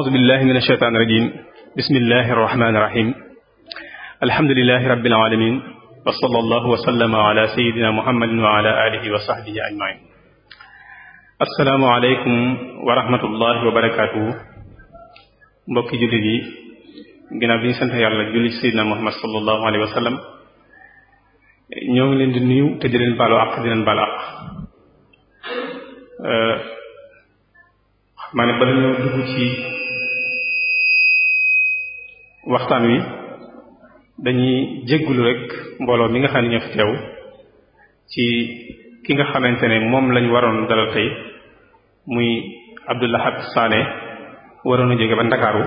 أعوذ بالله من الشيطان الرجيم بسم الله الرحمن الرحيم الحمد لله رب العالمين وصلى الله وسلم على سيدنا محمد وعلى آله وصحبه أجمعين السلام عليكم ورحمة الله وبركاته mbokki jullit yi ginnaaw bi ñu sant yàlla julli ci Seydina Muhammad sallallahu alayhi wa sallam ñoo ngi leen di nuyu te di leen baalu àq di leen baalu àq euh, maa ne bala ñoo dugg ci waxtaan wi dañuy jéggulu rek mbooloo mi nga xam ne ñoo fi teew ci ki nga xamante ne moom lañ waroon dalal tey muy Abdoulahat Sané waroon a jóge ba Ndakaaru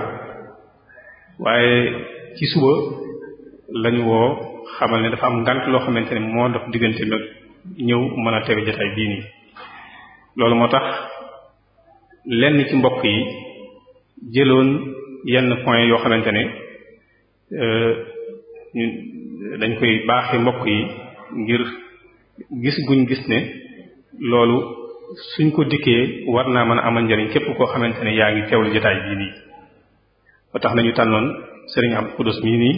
waaye ci suba lañu woo xamal ne dafa am ngànt loo xamante ne moo dox diggante nag ñëw mën a teewe jotaay bii nii loolu moo tax lenn ci mbokk yi jëloon yenn point yoo xamante ne Euh, ñu dañ koy baaxi mbokk yi ngir gis guñ gis ne loolu suñ ko dikkee war naa mën a amal njëriñ képp koo xamante ne yaa ngi teewlu jotaay bii nii ba tax nañu tànnoon sëriñ am Xudus mii nii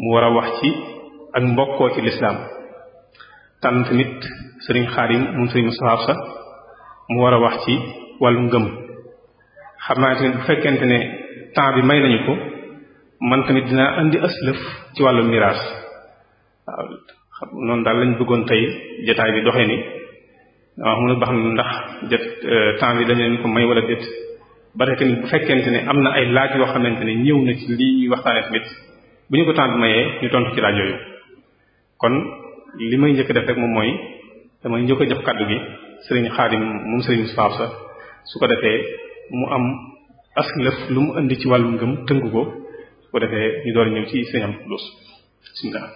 mu war a wax ci ak mbokkoo ci lislaam tànn tamit sëriñ Xaadim moom sëriñ Musaa sax mu war a wax ci wàllu ngëm xam naa bu fekkente ne temps bi may nañu ko man tamit dinaa indi aslëf ci wàllu miraas waaw noonu daal lañ bëggoon tey jotaay bi doxe ni dama xam ne ba xam ndax jot euh, temps bi dañ ko may wala déet ba tamit bu fekkente ni am na ay laaj yoo xamante ni ñëw na ci lii ñuy waxtaanee tamit bu ñu ko temps bi mayee ñu tontu ci laaj yooyu kon li may njëkk def rek moom mooy damay njëkk a jox kàddu gi sëriñ Xaadim moom sëriñ Moussa sa su ko defee mu am aslëf lu mu indi ci wàllu ngëm tënk ko bu defee ñu door ñëw ci sëñ am xudus bismillah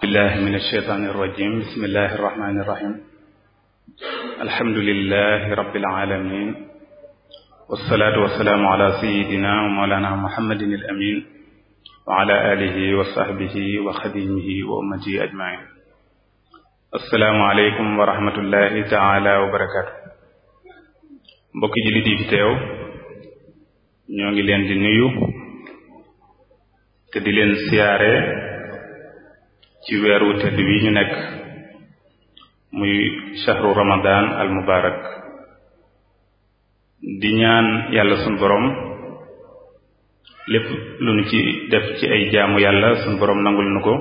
billahi min alsheytaani arrajim bismillahi arrahmani irrahim alhamdulilahi rabbil alamin wasalaatu wasalaamu ala sayidina wa mawlana muhammadin al amin wa ala alihi wa sahbihi wa xadimihi wa ummatihi ajmain asalaamu aleykum wa rahmatullahi taala wa barakatuh mbokki jullit yi fi teew ñoo ngi leen di nuyu te di leen siyaare ci weeru tëdd wi ñu nekk muy shahru ramadan al mubarak di ñaan yàlla sunu borom lépp lu nu ci def ci ay jaamu yàlla sunu borom nangul nu ko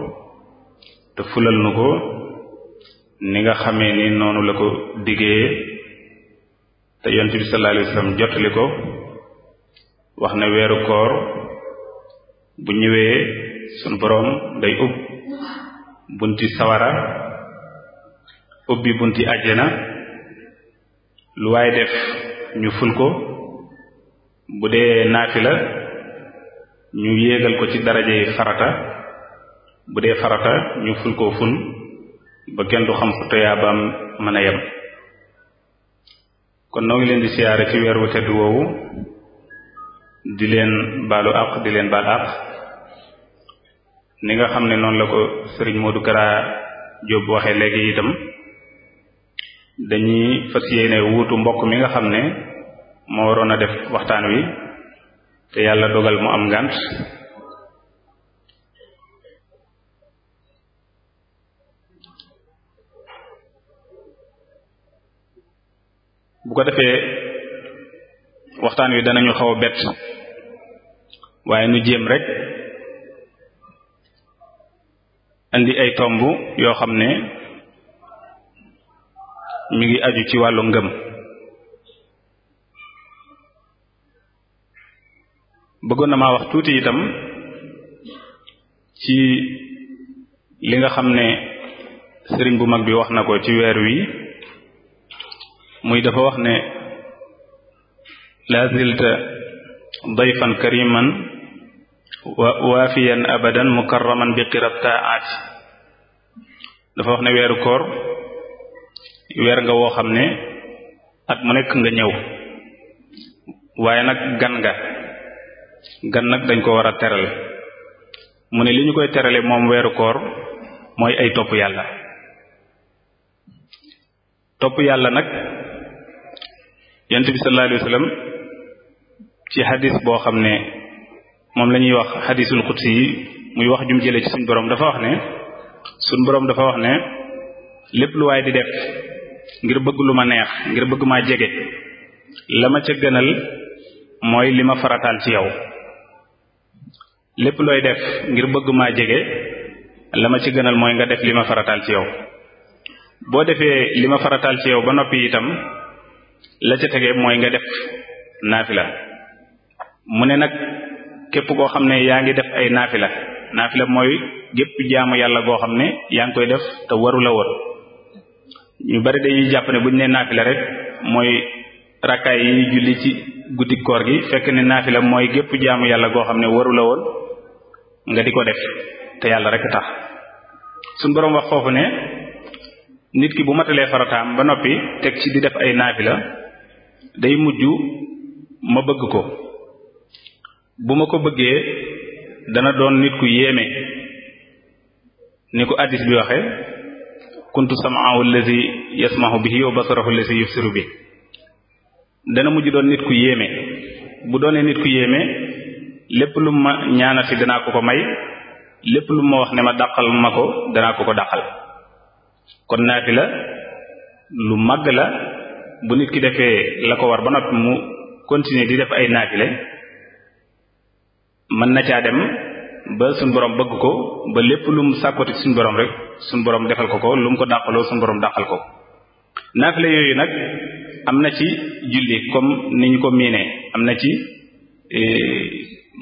te fulal nu ko ni nga xame ni noonu la ko diggee te yonent bi sallallahu alayhi ko wax ne weeru koor bu ñëwee sunu boroom day ub bunti sawara ubbi bunti àjjana lu waaye def ñu ful ko bu dee la ñu yéegal ko ci darajey farata bu dee farata ñu ful koo ful ba kenn du xam fu toyaabaam mën a yem kon noo ngi leen di siyaare ci weer tedd woowu di leen baalu àq di leen baal àq ni nga xam ne noonu la ko sëriñ Modou Kara Diop waxee léegi itam dañuy fas yéene wuutu mbokk mi nga xam ne moo waroon a def waxtaan wi te yàlla dogal mu am ngànt bu ko defee waxtaan wi danañu xaw a bett waaye nu jéem rek indi ay tomb yoo xam ne mu ngi aju ci wàllu ngëm bëggoon na maa wax tuuti itam ci li nga xam ne sëriñ bu mag bi wax na ko ci weer wi muy dafa wax ne la zilta dayfan kariman waafiyan abadan mukarraman bi qirab taat dafa wax ne weeru koor weer nga woo xam ne at mu nekk nga ñëw waaye nag gan nga gan nag dañ ko war a terale mu ne li ñu koy terale moom weeru koor mooy ay topp yàlla topp yàlla nag yonent bi sallallahu alayhi ci hadis boo xam ne moom la ñuy wax xadisul xudsi yi muy wax jum jëlee ci suñ borom dafa wax ne suñ boroom dafa wax ne lépp lu waaye di def ngir bëgg lu ma neex ngir bëgg maa jege la ma ca gënal mooy li ma farataal ci yow lépp looy def ngir bëgg maa jege la ma ci gënal mooy nga def li ma farataal ci yow boo defee li ma farataal ci yow ba noppi itam la ca tege mooy nga def naafila mu ne nag képp koo xam ne yaa ngi def ay naafi la naafi la mooy gépp jaamu yàlla goo xam ne yaa ngi koy def te warula woon ñu bari dañuy jàpp ne bu ñu nee naafila rek mooy rakkaay yi ñu julli ci guddi koor gi fekk ne la mooy gépp jaamu yàlla goo xam ne waru la woon nga di ko def te yàlla rek tax suñ boroom wax foofu ne nit ki bu matalee farataam ba noppi teg ci di def ay naafi la day mujj ma bëgg ko bu ma ko bëggee dana doon nit ku yéeme ni ko addis bi waxe kuntu samaahu allazi yasmahu bihi wa basarahu allazi yubsiru bi dana mujj doon nit ku yéeme bu doonee nit ku yéeme lépp lu ma ñaanati danaa ko ko may lépp lu ma wax ne ma dàqal ma ko danaa ko ko dàqal kon naafi la lu màgg la bu nit ki defee la ko war ba noppi mu continuer di def ay naafile mën na caa dem ba suñ borom bëgg ko ba lépp lu mu sàkkoti suñ borom rek suñ borom defal ko ko lu mu ko dàqaloo suñ borom dàqal ko la yooyu nag am na ci julli comme ni ñu ko miinee am na ci e,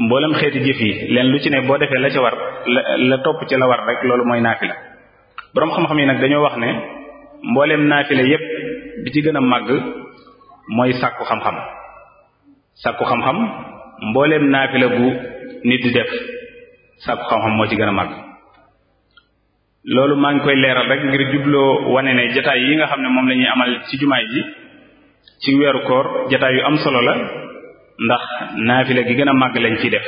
mboolem xeeti jëf yi leen lu ci ne boo defee la ca war la la topp ci la war rek loolu mooy naafila boroom xam-xam yi nag dañoo wax ne mbooleem la yépp bi ci gën a màgg mooy sàkku xam-xam sàkku xam-xam mbooleem naafila gu nit di def sàkku xam-xam moo ci gën a mag loolu maa ngi koy leeral rek ngir jubloo wane ne jataay yi nga xam ne moom lañuy amal ci jumaay ji ci weeru koor jataay yu am solo la ndax naafila gi gën a màgg lañ ciy def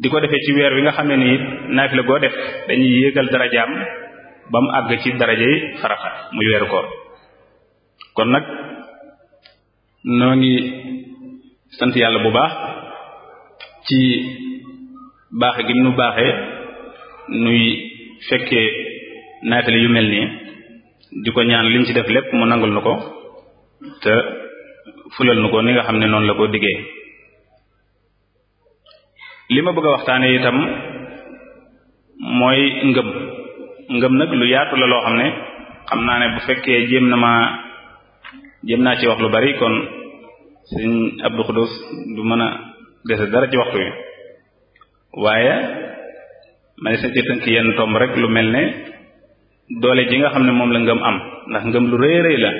di ko defee ci weer wi nga xamee ni naafila goo def dañuy yéegal darajaam ba mu àgg ci darajay farata muy weeru koor kon nag noo sant yàlla bu baax ci baax gi nu baaxee nuy fekkee naatali yu mel nii di ko ñaan liñ ci def lépp mu nangul nu ko te fulal nu ko ni nga xam ne noonu la koo diggee li ma bëgg a waxtaane itam mooy ngëm ngëm lu yaatu la loo xam ne xam naa ne bu fekkee jéem na ma jéem naa ci wax lu bari kon sëriñ Abdou Khoudous du mën a dese dara ci waxtu wi waaye ma ne sa ci tënk yenn tomb rek lu mel ne doole ji nga xam ne moom la ngëm am ndax ngëm lu rëy rëy la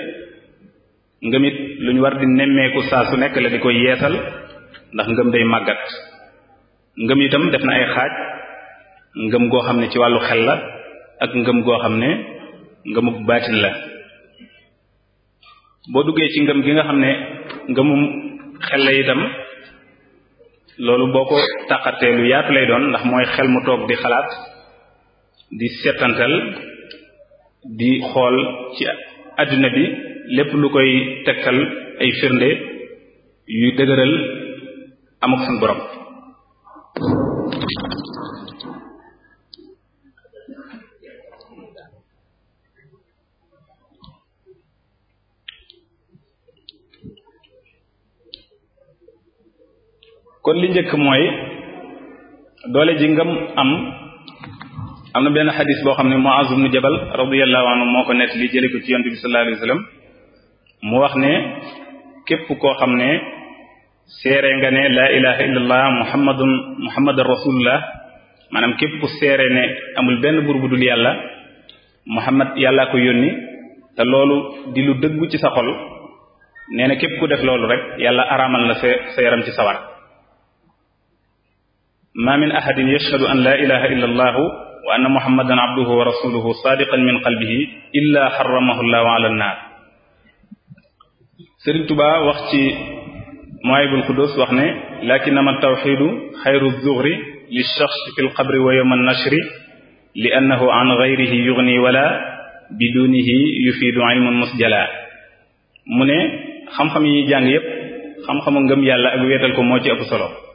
ngëm it lu ñu war di nemmeeku saa su nekk la di koy yeesal ndax ngëm day màggat ngëm itam def na ay xaaj ngëm goo xam ne ci wàllu xel la ak ngëm goo xam ne ngëmuk baatin la boo duggee ci ngëm gi nga xam ne nga mu xel la itam loolu boo ko taqatee lu yaatu lay doon ndax mooy xel mu toog di xalaat di setantal di xool ci àddina bi lépp lu koy tegtal ay firnde yuy dëgëral amuk suñu borom kon li njëkk mooy doole ji ngëm am am na benn xadis boo xam ne Muaz ibn Jabal radiyallahu anhu moo ko nett li jële ko ci yonte bi sallallahu alayhi wasallam mu wax ne képp koo xam ne seere nga ne laa ilaha illallah muhammadun muhammadan rasulullah maanaam képp ku seere ne amul benn buur bu dul yàlla muhammad yàllaa ko yónni te loolu di lu dëggu ci sa xol nee na képp ku def loolu rek yàlla araamal na sa sa yaram ci sawar ma min ahadin yashhadu an la ilaha illa allahu wa anna muhammadan abduhu wa rasuluhu saadiqan min qalbihi illa xaramahu llahu ala annaar Sëriñ Tuba wax ci Mawaahibul Quddus wax ne lakinnama tawxidu xayru zuxri li shaxs fi lqabri wa yowma annashri li annahu an gayrihi yugni wala bidunihi yufiidu ilmun musjala mu ne xam-xam yi jàng yépp xam-xamu ngëm yàlla ak weetal ko moo ci ëpp solo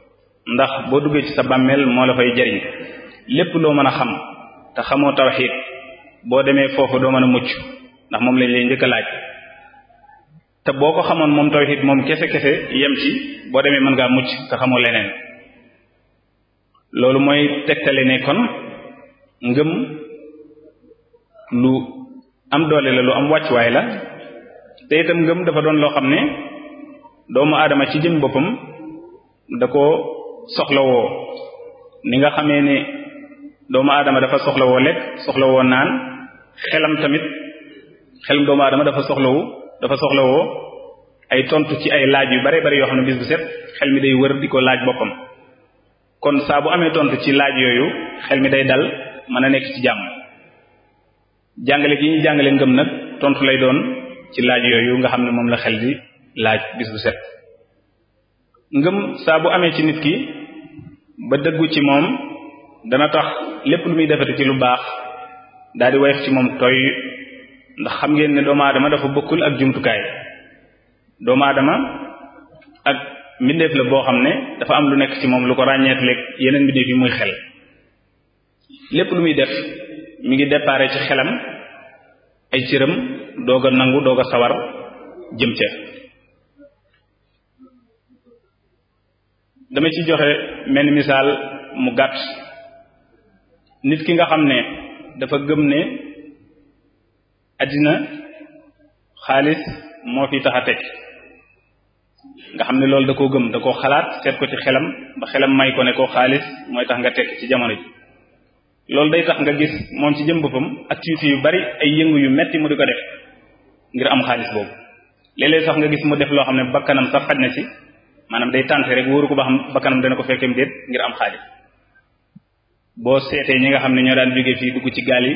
ndax boo duggee ci sa bàmmeel moo la fay jariñ lépp loo mën a xam te xamoo tawxiid boo demee foofu doo mën a mucc ndax moom lañ lay njëkk laaj te boo ko xamoon moom tawxiid moom kese kese yem ci boo demee mën ngaa mucc te xamoo leneen loolu mooy tegtale ne kon ngëm lu am doole la lu am wàccuwaay la te itam ngëm dafa doon loo xam ne doomu aadama ci jëm boppam da ko soxlawoo ni nga xamee ni doomu aadama dafa soxlawoo lekk soxlawoo naan xelam tamit xelam doomu aadama dafa soxlawu dafa soxlawoo ay tontu ci ay laaj yu bare bare yoo xam ne bis bu set xel mi day wër di ko laaj boppam kon saa bu amee tontu ci laaj yooyu xel mi day dal mën a nekk ci jàmm jàngale gi ñu jàngale ngëm nag tontu lay doon ci laaj yooyu nga xam ne moom la xel di laaj bis bu set ngëm saa bu amee ci nit ki ba dëggu ci moom dana tax lépp lu muy defati ci lu baax daal di wayef ci moom tooy ndax xam ngeen ne doomu aadama dafa bokkul ak jumtukaay doomu aadama ak mbindeef la boo xam ne dafa am lu nekk ci moom lu ko ràññeetleeg yeneen mbindeef yi muy xel lépp lu muy def mu ngi déparé ci xelam ay cëram doog a nangu doog a sawar jëm ca dama ci joxe mel misaal mu gàtt nit ki nga xam ne dafa gëm ne àddina xaalis moo fi tax a teg nga xam ne loolu da koo gëm da koo xalaat seet ko ci xelam ba xelam may ko ne koo xaalis mooy tax nga teg ci jamono ji loolu day tax nga gis moom ci jëm boppam activité yu bari ay yëngu yu metti mu di ko def ngir am xaalis boobu léeg sax nga gis mu def loo xam ne bakkanam sax xaj na ci maanaam day tànte rek wóoru ko ba xam ba kanam dana ko fekkem déet ngir am xaalis boo seetee ñi nga xam ne ñoo daan jóge fii dugg ci gaal yi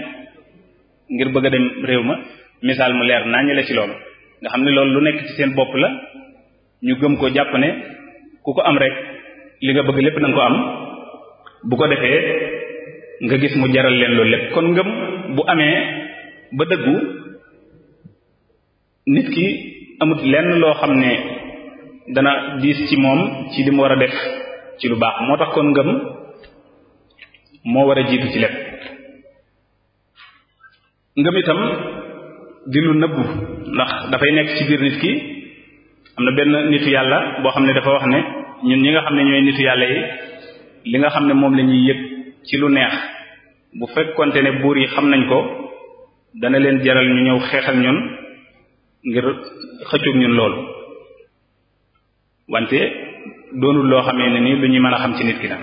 ngir bëgg a dem réew ma misaal mu leer naa ñu la ci loolu nga xam ne loolu lu nekk ci seen bopp la ñu gëm ko jàpp ne ku ko am rek li nga bëgg lépp na nga ko am bu ko defee nga gis mu jaral leen loolu lépp kon ngëm bu amee ba dëggu nit ki amut lenn loo xam ne dana diis ci moom ci li mu war a def ci lu baax moo tax kon ngëm moo war a jiitu ci lépp ngëm itam di lu nëbbu ndax dafay nekk ci biir nit ki am na benn nitu yàlla boo xam ne dafa wax ne ñun ñi nga xam ne ñooy nitu yàlla yi li nga xam ne moom lañuy ñuy yëg ci lu neex bu fekkonte ne buur yi xam nañ ko dana leen jaral ñu ñëw xeexal ñun ngir xëccug ñun loolu wante doonul loo xamee ne ni lu ñuy mën a xam ci nit ki la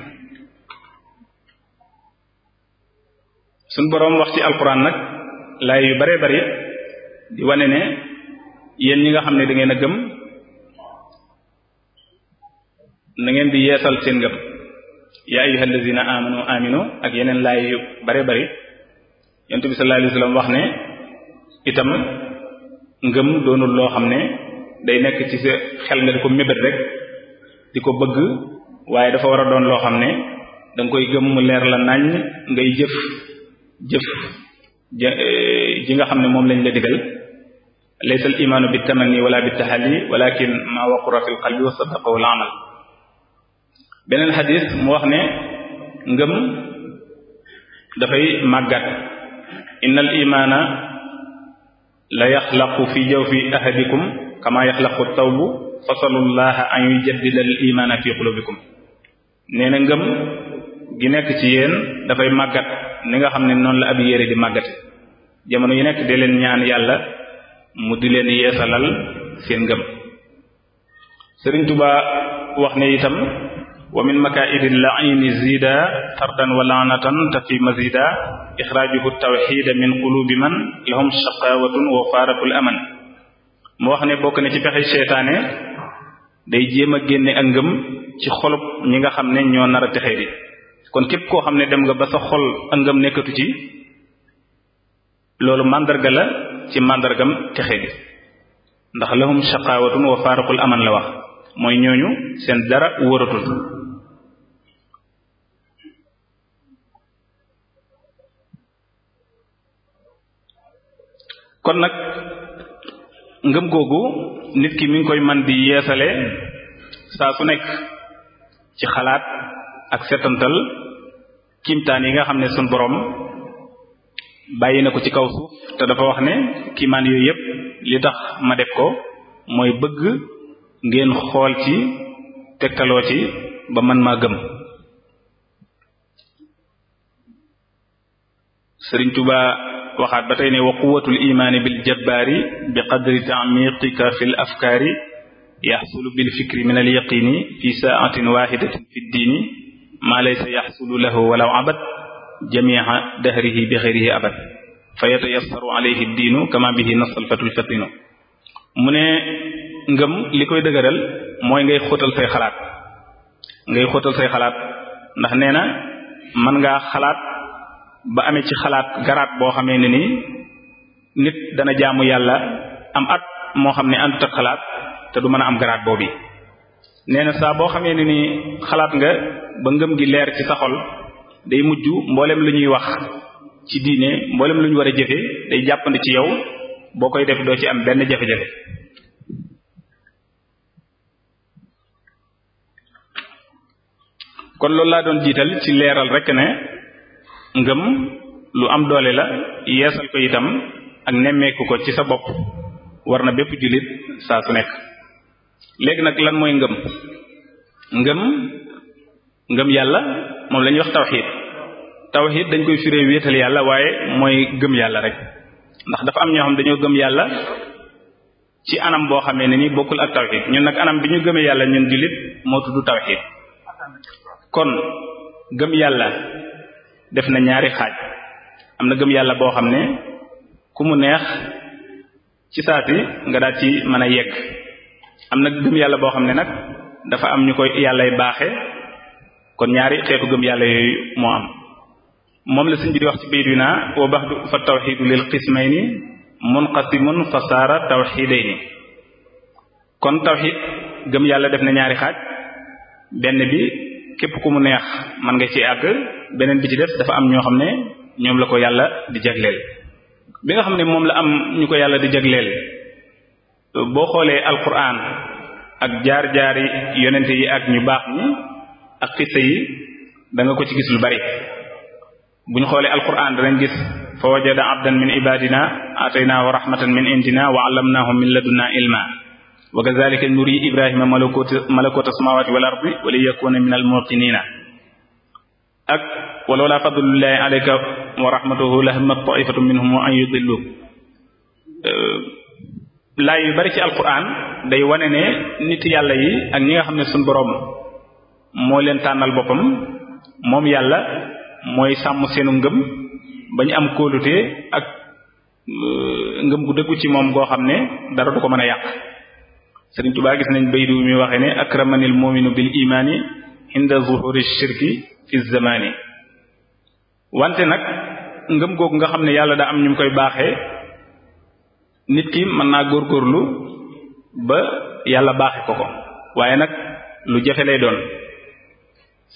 suñ boroom wax ci alquran nag laay yu bare bari di wane ne yéen ñi nga xam ne dangeen a gëm nangeen di yeesal seen ngëm yaa ayyuhal lazina amanu aminu ak yeneen laay yu bare bari yonent bi sallallahu alayhi wax ne itam ngëm doonul loo xam ne day nekk ci sa xel nga di ko mébét rek di ko bëgg waaye dafa war a doon loo xam ne da koy gëm leer la nañ ngay jëf jëf eh, ji nga xam ne moom lañ la digal laysa imaanu bi tamanni wala bi taxali walakin ma waqura fi l qalbi wa beneen xadis mu wax ne ngëm màggat inna la yaxlaqu fi jawfi kama yaxlaqu tawbu fasalullaha an yujaddida al imaana fi qulubikum nee na ngëm gi nekk ci yéen dafay màggat ni nga xam ne noonu la ab yére di màggat jamono yi nekk di leen ñaan yàlla mu di leen yeesalal seen ngëm Sëriñ Tuba wax ne itam wa min makaa'idi al-la'ini ziida tardan wa la'natan tafi mazida ixraajuhu tawxiida min qulubi man lahum shaqaawatun wa faaratul aman mu wax ne bokk na ci pexe seytaane day jéem a génne ak ngëm ci xolub ñi nga xam ne ñoo nar a texee bi kon képp koo xam ne dem nga ba sa xol ak ngëm nekkatu ci loolu màndarga la ci màndargam texe bi ndax lahum shaqaawatun wa faaraqul aman la wax mooy ñooñu seen dara wóoratul kon nag ngëm googu nit ki mi ngi koy man bi yeesale saa su nekk ci xalaat ak setantal kiimtaan yi nga xam ne suñ boroom bàyyi na ko ci kaw suuf te dafa wax ne kiimaan yooyu yëpp li tax ma def ko mooy bëgg ngeen xool ci tegtaloo ci ba man maa gëm Sëriñ Tuubaa waxaat ba tey ne wa quwatul imaani bil jabbaari bi qadri taamiqika fi l afkaari yaxsulu bil fikri min al yaqini fi saatin waxidatin fi ddiini maa laysa yaxsulu lahu walaw abad jamiica dahrihi bi xeyrihi abad fa yatayassaru alayhi ddiinu kama bihi nasal fatul fatinu mu ne ngëm li koy dëgëral mooy ngay xóotal say xalaat ngay xóotal say xalaat ndax nee na mën xalaat ba amee ci xalaat garaat boo xamee ne ni nit dana jaamu yàlla am at moo xam ne àndut ak xalaat te du mën a am garaat boobu nee na saa boo xamee ne ni xalaat nga ba ngëm gi leer ci sa xol day mujj mboolem lu ñuy wax ci diine mboolem lu ñu war a jëfee day jàppandi ci yow boo koy def doo ci am benn jafe-jafe. kon loolu laa doon jiital ci leeral rek ne. ngëm lu am doole la yees ko itam ak nemmeeku ko ci sa bopp war na bépp jullit saa su nekk léegi nag lan mooy ngëm ngëm ngëm yàlla moom la ñuy wax tawxiid tawxiid dañ koy firee wéetal yàlla waaye mooy gëm yàlla rek ndax dafa am ñoo xam dañoo gëm yàlla ci anam boo xamee ne ni bokkul ak tawxiid ñun nag anam bi ñu gëmee yàlla ñun jullit moo tudd tawxiid kon gëm yàlla def na ñaari xaaj am na gëm yàlla boo xam ne ku mu neex ci saasi nga daal ci mën a yegg am na gëm yàlla boo xam ne nag dafa am ñu koy yàllay baaxe kon ñaari xeetu gëm yàlla yooyu moo am moom la sëñ bi di wax ci biir wi naa wa baxdu fa tawxidu lil qismayni munqasimun fa saara tawxidayni kon tawxid gëm yàlla def na ñaari xaaj benn bi képp ku mu neex man nga ci àgg beneen bi ci def dafa am ñoo xam ne ñoom la ko yàlla di jagleel bi nga xam ne moom la am ñu ko yàlla di jagleel boo xoolee alquran ak jaar-jaari yonente yi ak ñu baax ñi ak xista yi da ko ci gis lu bari bu ñu xoolee alquran danañ gis fa wajada abdan min ibadina atayna wa rahmatan min indina wa allamnaahu min ladunna ilma wa kazalika ibrahima malakut malakut as-samawati wal ardi wa li yakuna min al-muqinina ak wa lawla fadlullahi alayka wa rahmatuhu yu bari ci alquran day wane ne nit yàlla yi ak ñi nga xam ne suñ boroom moo leen tànnal boppam moom yàlla mooy sàmm seenu ngëm ba ñu am kóolute ak ngëm gu dëggu ci moom goo xam ne dara du ko mën a yàq Sëriñ tubaa gis nañ baydu mi waxee ne akramanil mu'minu bil imaani inda zuhuri shirki fi zamani wante nag ngëm kooku nga xam ne yàlla daa am ñu mu koy baaxe nit ki mën naa góor góorgóorlu ba yàlla baaxe ko ko waaye nag lu jafe lay doon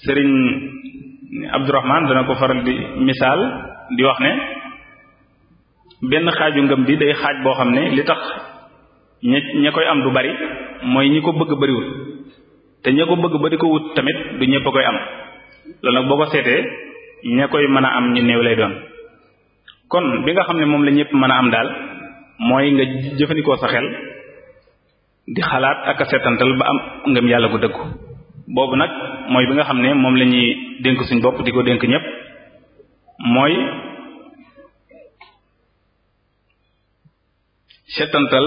sëriñ Abdourahman dana ko faral di misaal di wax ne benn xaaju ngëm bi day xaaj boo xam ne li tax ñi ña koy am du bari mooy ñi ko bëgg bariwul te ña ko bëgg ba di ko wut tamit du ñëpp a koy am loolu nag boo ko seetee ña koy mën a am ñi néew lay doon kon bi nga xam ne moom la ñëpp mën a am daal mooy nga jëfandikoo sa xel di xalaat ak a am ngëm yàlla gu dëggu boobu nag mooy bi nga xam ne moom la dénk suñ bopp di ko dénk ñëpp mooy setantal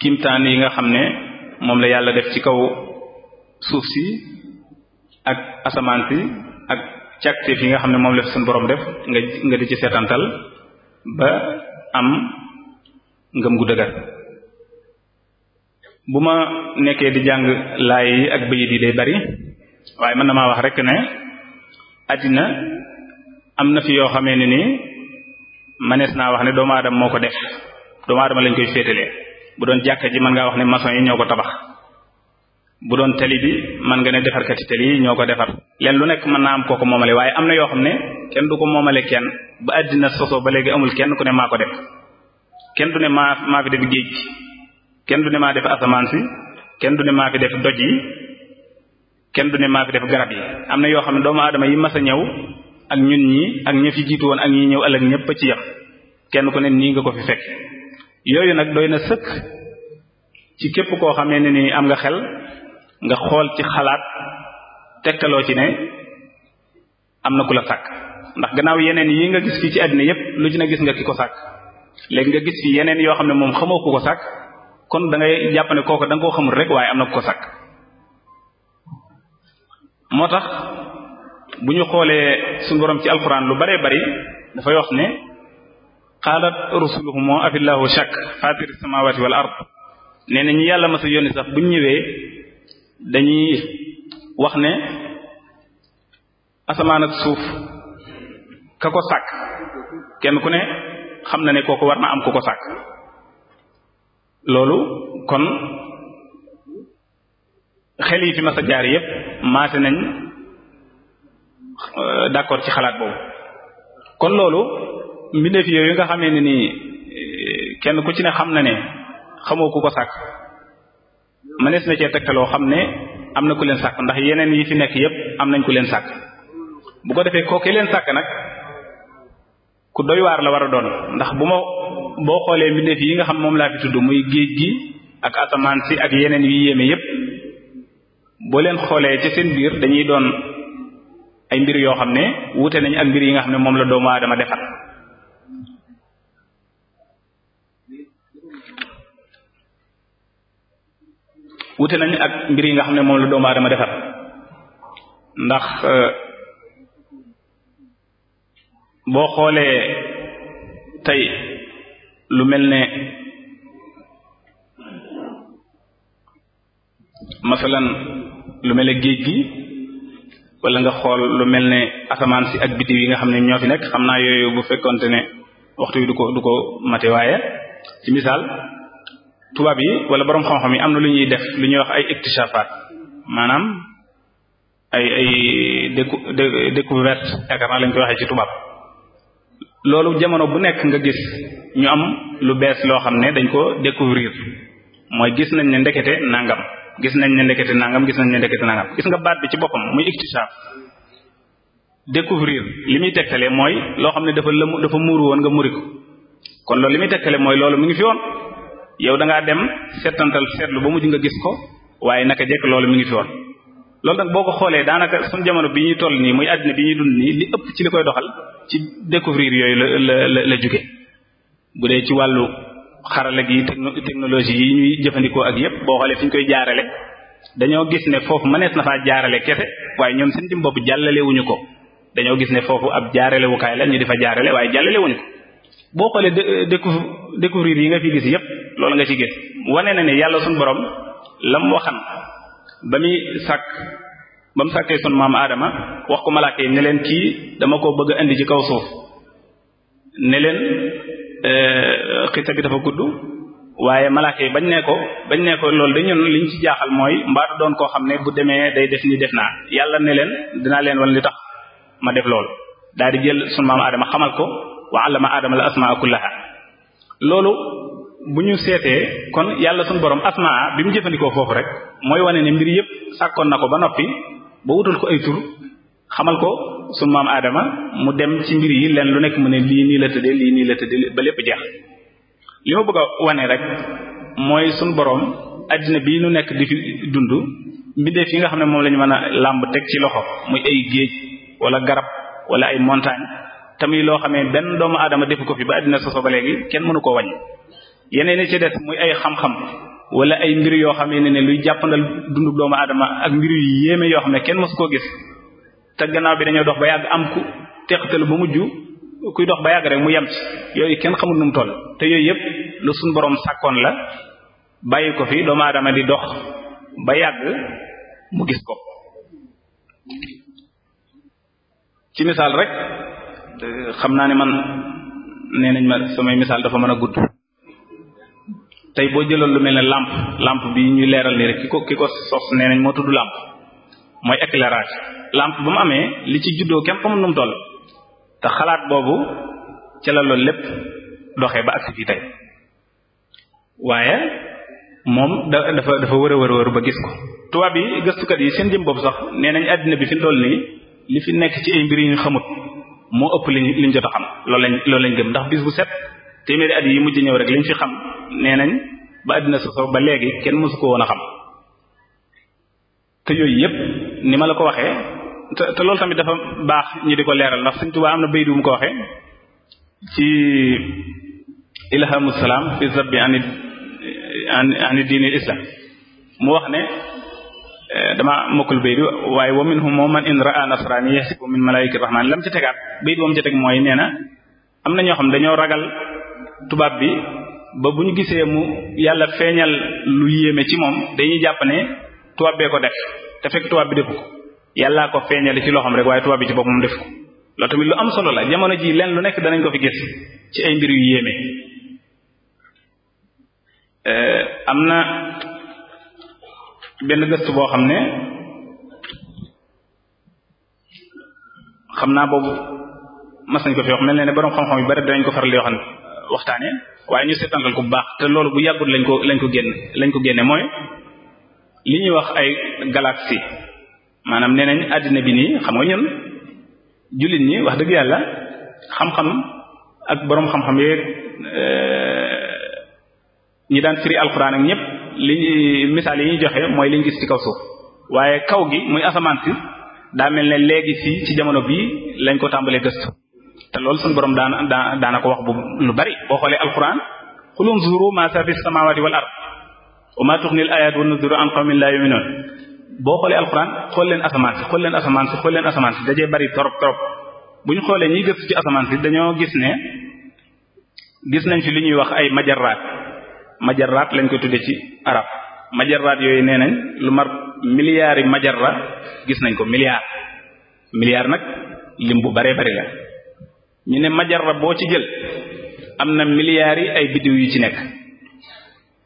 kimtaan yi nga xam ne moom la yàlla def ci kaw suuf si ak asamaan si ak càkteef yi nga xam ne moom la fi seen borom def nga nga di ci setantal ba am ngëm gu dëgër bu ma nekkee di jàng laay yi ak bëyit yi day bari waaye mën na maa wax rek ne àddina am na fi yoo xamee ne nii manees naa wax ne doomu aadama moo ko def doomu aadama lañ koy féetalee bu doon jàkka ji mën ngaa wax ne maçon yi ñoo ko tabax bu doon tali bi mën nga ne defarkati tali yi ñoo ko defar leen lu nekk mën naa am koo ko moomale waaye am na yoo xam ne kenn du ko moomale kenn ba àddina soso ba léegi amul kenn ku ne maa ko def kenn du ne maa maa fi def géej kenn du ne maa def asamaan si kenn du ne maa fi def doj yi kenn du ne maa fi def garab yi am na yoo xam ne doomu aadama yi mas a ñëw ak ñun ñi ak ña fi jiitu woon ak ñi ñëw ëllëg ñëpp ci yam kenn ku ne nii nga ko fi fekk yooyu nag doy na sëkk ci képp koo xamee ne nii am nga xel nga xool ci xalaat tekkaloo ci ne am na ku la sàkk ndax gannaaw yeneen yi nga gis fii ci àddina yépp lu ci na gis nga ki ko sàkk léegi nga gis fi yeneen yoo xam ne moom xamoo ku ko sàkk kon da ngay jàpp ne kooku da koo xamul rek waaye am na ku ko sàkk moo tax bu ñu xoolee su borom ci alquran lu bare bari dafay wax ne xaalat rusuluhum afillahu shakk fatir samawati wal ard nee na yàlla masa yónni sax ñu ñëwee dañuy wax ne asamaan ak suuf ka ko sàkk kenn ku ne xam na ne kooku war na am ku ko sàkk loolu kon xel yi fi masa jaar yépp maase nañ Euh, d'accord ci xalaat boobu kon loolu mbindeef yooyu nga xamee ni nii eh, kenn ku ci ne xam na ne xamoo ku ko sàkk mënees na cee tegtaloo xam ne am na ku leen sàkk ndax yeneen yi fi nekk yépp am nañ ku leen sàkk bu ko defee kooku leen sàkk nag ku doy waar la war a doon ndax bu ma boo xoolee mbindeef yi nga xam moom laa fi tudd muy géej gi ak asamaan si ak yeneen yi yéeme yépp boo leen xoolee ci seen biir dañuy doon ay mbir yoo xam ne wuute nañ ak mbir yi nga xam ne moom la doomu aadama defar wuute nañ ak mbir yi nga xam ne moom la doomu aadama defar ndax euh, boo xoolee tey lu mel ne masalan lu mel ne géej gi wala nga xool lu mel ne asamaan si ak bitiw yi nga xam ne ñoo fi nekk xam naa yooyu bu fekkonte ne waxtu wi du ko du ko mate waaye ci misaal tubaab yi wala borom xam-xam yi am na lu ñuy def lu ñuy wax ay iktishafaat maanaam ay ay décou découverte yaakaar naa lañ koy waxee ci tubaab loolu jamono bu nekk nga gis ñu am lu bees loo xam ne dañ ko découvrir mooy gis nañ ne ndekete nangam gis nañ ne ndekete nangam gis nañ ne ndekete nangam gis nga baat bi ci boppam muy iktishaaf découvrir li muy tegtale mooy loo xam ne dafa lëmu dafa muuru woon nga muri ko kon loolu li muy tegtale mooy loolu mu ngi fi woon yow dangaa dem seetantal seetlu ba mujj nga gis ko waaye naka jekk loolu mi ngi fi woon loolu nag boo ko xoolee daanaka suñ jamono bi ñuy toll nii muy àddina bi ñuy dund nii li ëpp ci li koy doxal ci découvrir yooyu la la la la bu dee ci wàllu xarala gi technologie yi ñuy jëfandikoo ak yépp boo xoolee fi ñu koy jaarale dañoo gis ne foofu mënees na faa jaarale kese waaye ñoom seen jëm bopp jàllalewuñu ko dañoo gis ne foofu ab jaaralewukaay la ñu di fa jaarale waaye jàllalewuñu ko boo xoolee de euh, découvrir yi nga fi gis yépp loolu nga ci gis wane na ne yàlla suñu borom lam waxan ba muy sàkk ba mu sàkkee sunu maam aadama wax ko malaaka yi ne leen kii dama ko bëgg indi ci kaw suuf Euh, xisa bi dafa gudd waaye malaaka yi bañ ne ko bañ ne ko loolu de ñun liñ ci jaaxal mooy mbaatu doon koo xam ne bu demee day def ni def naa yàlla ne leen dinaa leen wan li tax ma def loolu daal di jël sunu maam aadama xamal ko wa ma aadama la asmaa kullaha loolu bu ñu seetee kon yàlla sunu borom asmaa bi mu jëfandikoo foofu rek mooy wane ne mbir yëpp sàkkoon na ko ba noppi ba wutal ko ay tur xamal ko su maam aadama mu dem ci mbir yi leen lu nekk mu ne lii nii la tëddee lii nii la tëddee ba lépp jeex li ma bëgg wane rek mooy sunu boroom àddina bii nu nekk di fi dund mbindeef yi nga xam ne moom la ñu mën a làmb teg ci loxo muy ay géej wala garab wala ay montagne tamit loo xamee benn doomu aadama defu ko fi ba àddina soso ba léegi kenn mënu ko wañ yeneen yi ci des muy ay xam-xam wala ay mbir yoo xam ne ne luy jàppandal dundu doomu aadama ak mbir yu yéeme yoo xam ne kenn mësu koo gis te gannaaw bi dañoo dox ba yàgg am ku teqatal ba mujj kuy dox ba yàgg rek mu yem ci yooyu kenn xamul nu mu toll te yooyu yëpp lu suñ boroom sàkkoon la bàyyi ko fii doomu aadama di dox ba yàgg mu gis ko ci misaal rek xam naa ne man nee nañ ma samay misaal dafa mën a gudd tey boo jëloon lu mel ne làmp làmp bi ñuy leeral nii rek ki ko ki ko sos nee nañ moo tudd làmp mooy éclairage lampe ba mu amee li ci juddoo kenn xamul nu mu te xalaat boobu ci la loolu lépp doxee ba agsi fii tey waaye moom da dafa dafa wër a wër wër ba gis ko tubaab yi gëstukat yi seen jëm boobu sax nee nañ àddina bi fi dool nii li fi nekk ci ay mbir yu ñu xamut moo ëpp liñ liñ jot a xam loolu lañ loolu lañ gëm ndax bis bu set téeméeri at yi mujj ñëw rek liñ fi xam nee nañ ba àddina sosoo ba léegi kenn mësu ko woon a xam te yooyu yëpp ni ma la ko waxee te te loolu tamit dafa baax ñu di ko leeral ndax Sëriñ Tuubaa am na baydu mu ko waxee ci ilhamu salaam fi zabbi ani ani diinil islam mu wax ne e, dama mokkul baydu waaye wa moo man in ra'a nasrani yahsibu min malaa'ikati rahmaan lam ci tegaat baydu moom ci teg mooy nee am na ñoo xam dañoo ragal tubaab bi ba bu ñu gisee mu yàlla feeñal lu yéeme ci moom dañuy jàppane tubaab ko def te fekk tubaab bi def ko yàllaa ko feeñale ci loxoom rek waaye tubaab bi ci boppam def ko loolu tamit lu am solo la jamono ji leen lu nekk danañ ko fi gis ci ay mbir yu yéeme eh, am na benn gëstu boo xam ne xam naa boobu mas nañ ko fi wax mel ne ne borom xam-xam yu bari danañ ko faral di waxan waxtaane waaye ñu seetantal ko bu baax te loolu bu yàggul lañ ko lañ ko génn lañ ko génne mooy li ñuy wax ay galaxie maanaam nee nañ àddina bi nii xam nga ñun jullit ñi wax dëgg yàlla xam-xam ak boroom xam-xam yeeg eh, ñi daan firi alxuraan ak li ñu misaal yi ñuy joxe mooy liñ gis ci kaw suuf waaye kaw gi muy asamaan si daa mel ne léegi fii ci jamono bi lañ ko tàmbalee gëstu te loolu suñu borom daan daana ko wax bu lu bari boo xoolee alxuraan qul unzuru ma fi samawati wal ard wa maa tuxnil ayaat wa nuzuru an qawmin laa yu'minuun boo xoolee alxuraan xool leen asamaan si xool leen asamaan si xool leen dajee bari torop torop bu ñu xoolee ñiy gëstu ci asamaan si dañoo gis ne gis nañ fi li ñuy wax ay majaraat majaraat lañ ko tuddee ci arab majaraat yooyu nee nañ lu mar milliards yi majara gis nañ ko milliards milliards nag lim bu baree bari la ñu ne majara boo ci jël am na milliards yi ay biddiw yu ci nekk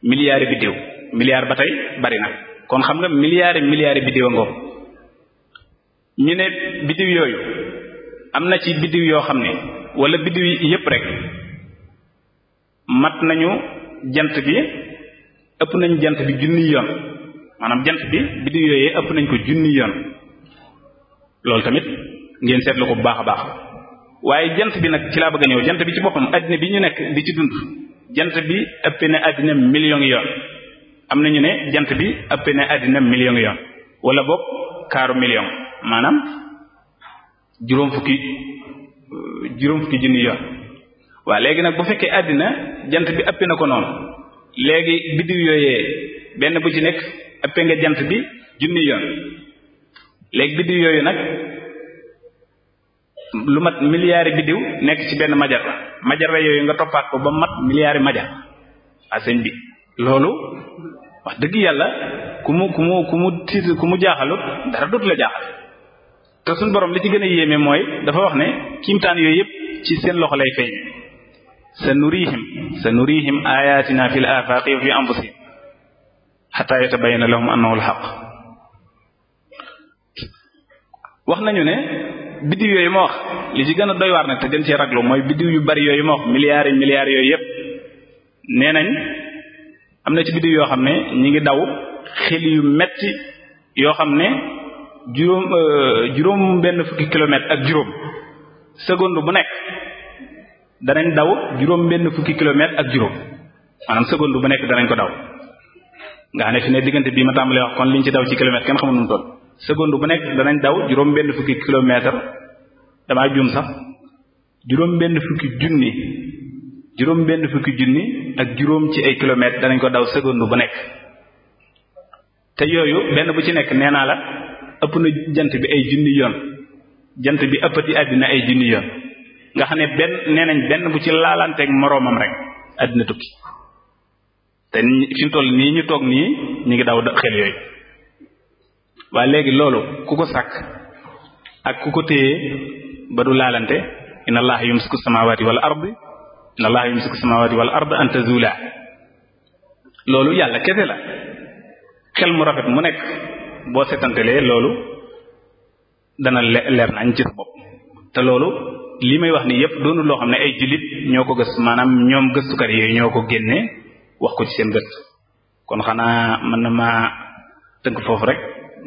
milliards yi biddiw milliard ba tey bari na kon xam nga milliards milliards biddiw a ñu ne biddiw yooyu am na ci biddiw yoo xam ne wala biddiw yépp rek mat nañu jant bi ëpp nañu jant bi junni yoon maanaam jant bi biddiw yooyu ëpp nañ ko junni yoon loolu tamit ngeen seetlu ko bu baax a baax waaye jant bi nag ci laa bëgg a ñëw jant bi ci boppam àddina bi ñu nekk di ci dund jant bi ëpp na àddina million yoon am na ñu ne jant bi ëpp na àddina million yoon wala boog kaaru million maanaam juróom fukki juróom fukki junni yoon waa léegi nag bu fekkee àddina jant bi ëpp na ko noonu léegi biddiw yooyee benn bu ci nekk ëpp nga jant bi junni yoon léegi biddiw yooyu nag lu mat milliards biddiw nekk ci benn majara majara yooyu nga toppaat ko ba mat milliards majara a bi loolu wax dëgg yàlla ku mu ku mu ku mu ku mu jaaxalut dara dut la jaaxal te suñ borom li ci gën a yéeme mooy dafa wax ne kiimtaan yooyu yëpp ci seen loxo lay feeñ sa nurihim sa nurihim ayatina fil afaqi wa fi anfusihim xataa yatabayyana lahum annahu alxaq wax nañu ne biddiw yooyu ma wax li ci gën a doy waar nag te gën cee raglu mooy biddiw yu bari yooyu ma wax milliards yi yooyu yëpp nee nañ am na ci biddiw yoo xam ne ñi ngi daw xel yu metti yoo xam ne juróom euh, juróom benn fukki kilomètre ak juróom seconde bu nekk danañ daw juróom benn fukki kilomètre ak juróom maanaam seconde bu nekk danañ ko daw nga ne fi ne diggante bii ma tàmbalee wax kon liñ ci daw ci kilomètre kenn xamul nu mu toll danañ daw juróom benn fukki kilomètre damaa juum sax juróom benn fukki junni juróom benn fukki junni ak juróom ci ay kilomètres danañ ko daw seconde bu nekk te yooyu benn bu ci nekk nee naa la ëpp na jant bi ay junni yoon jant bi ëppati àddina ay junni yoon nga xam ne benn nee nañ benn bu ci laalanteek moroomam rek àddina tukki te fi mu nii ñu toog nii ñu ngi daw xel yooyu waa léegi loolu ku ko sàkk ak ku ko téye ba du laalante inna allaha yumsiku samawati wal ardi inna allaha yumsiku samawati wal ard an tazula loolu yàlla kese la xel mu rafet mu nekk boo setantelee loolu dana leer nañ ci sa bopp te loolu lii may wax ni yépp doonu loo xam ne ay jullit ñoo ko gëstu maanaam ñoom gëstukat yooyu ñoo ko génnee wax ko ci seen gëstu kon xanaa mën na maa tënk foofu rek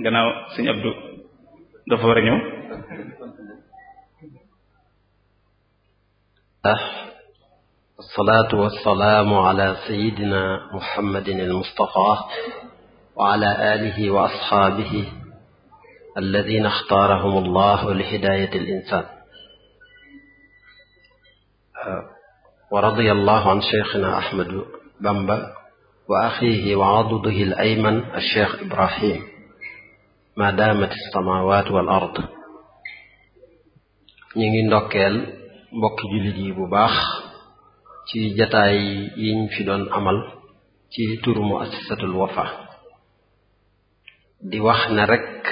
gannaaw sëñ Abdou dafa war a ñëw ah. والصلاة والسلام على سيدنا محمد المصطفى وعلى آله وأصحابه الذين اختارهم الله لهداية الإنسان ورضي الله عن شيخنا أحمد بمبا وأخيه وعضده الأيمن الشيخ إبراهيم ما دامت السماوات والأرض ñu ngi ndokkeel mbokki jullit yi bu baax ci jataay yiñ fi doon amal ci turu mu assisatul wafa di wax na rekk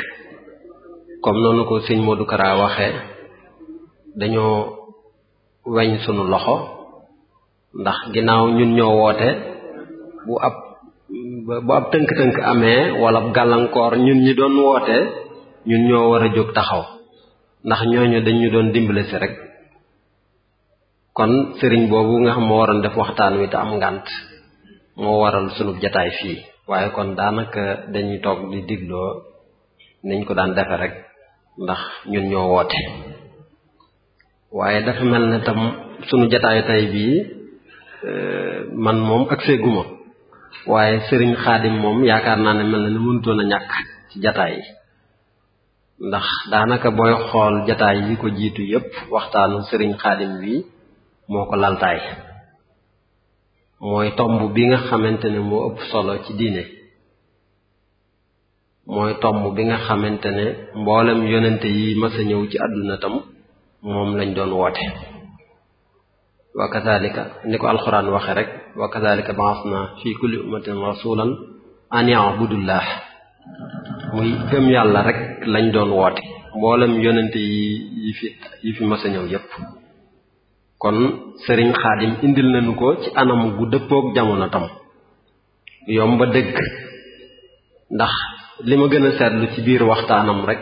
comme noonu ko sëñ du Kara waxee dañoo weñ sunu loxo ndax ginnaaw ñun ñoo woote bu ab bu ab tënk-tënk amee wala gàllankoor ñun ñi doon woote ñun ñoo war a jóg taxaw ndax ñooñu dañu doon dimbale si rek kon sëriñ boobu nga xam moo waroon def waxtaan wi te am ngànt moo waral sunu jataay fii waaye kon daanaka dañuy toog di digloo niñ ko daan defe rek ndax ñun ñoo woote waaye dafa mel na tam sunu jataay tey bii e, man moom ak seeguma waaye sëriñ xaadim moom yaakaar naa ne mel na ni mënutoon a ñàkk ci jataay yi ndax daanaka booy xool jataay yi ko jiitu yépp waxtaanu sëriñ xaadim bii moo ko laltaay mooy tomb bi nga xamante ne moo ëpp solo ci diine mooy tomb bi nga xamante ne mboolem yonente yi mas ñëw ci àdduna tam moom lañ doon woote wa kazalika ni ko alxuraan waxe rek wa kazalika baasna fi kulli ummatin rasulan an yabudullah muy gëm yàlla rek lañ doon woote mboolem yonente yi yi fi yi fi mas ñëw yépp kon sëriñ xaadim indil nañu ko ci anam gu dëppook jamono tam yomba ba dëgg ndax li ma gën a seetlu ci biir waxtaanam rek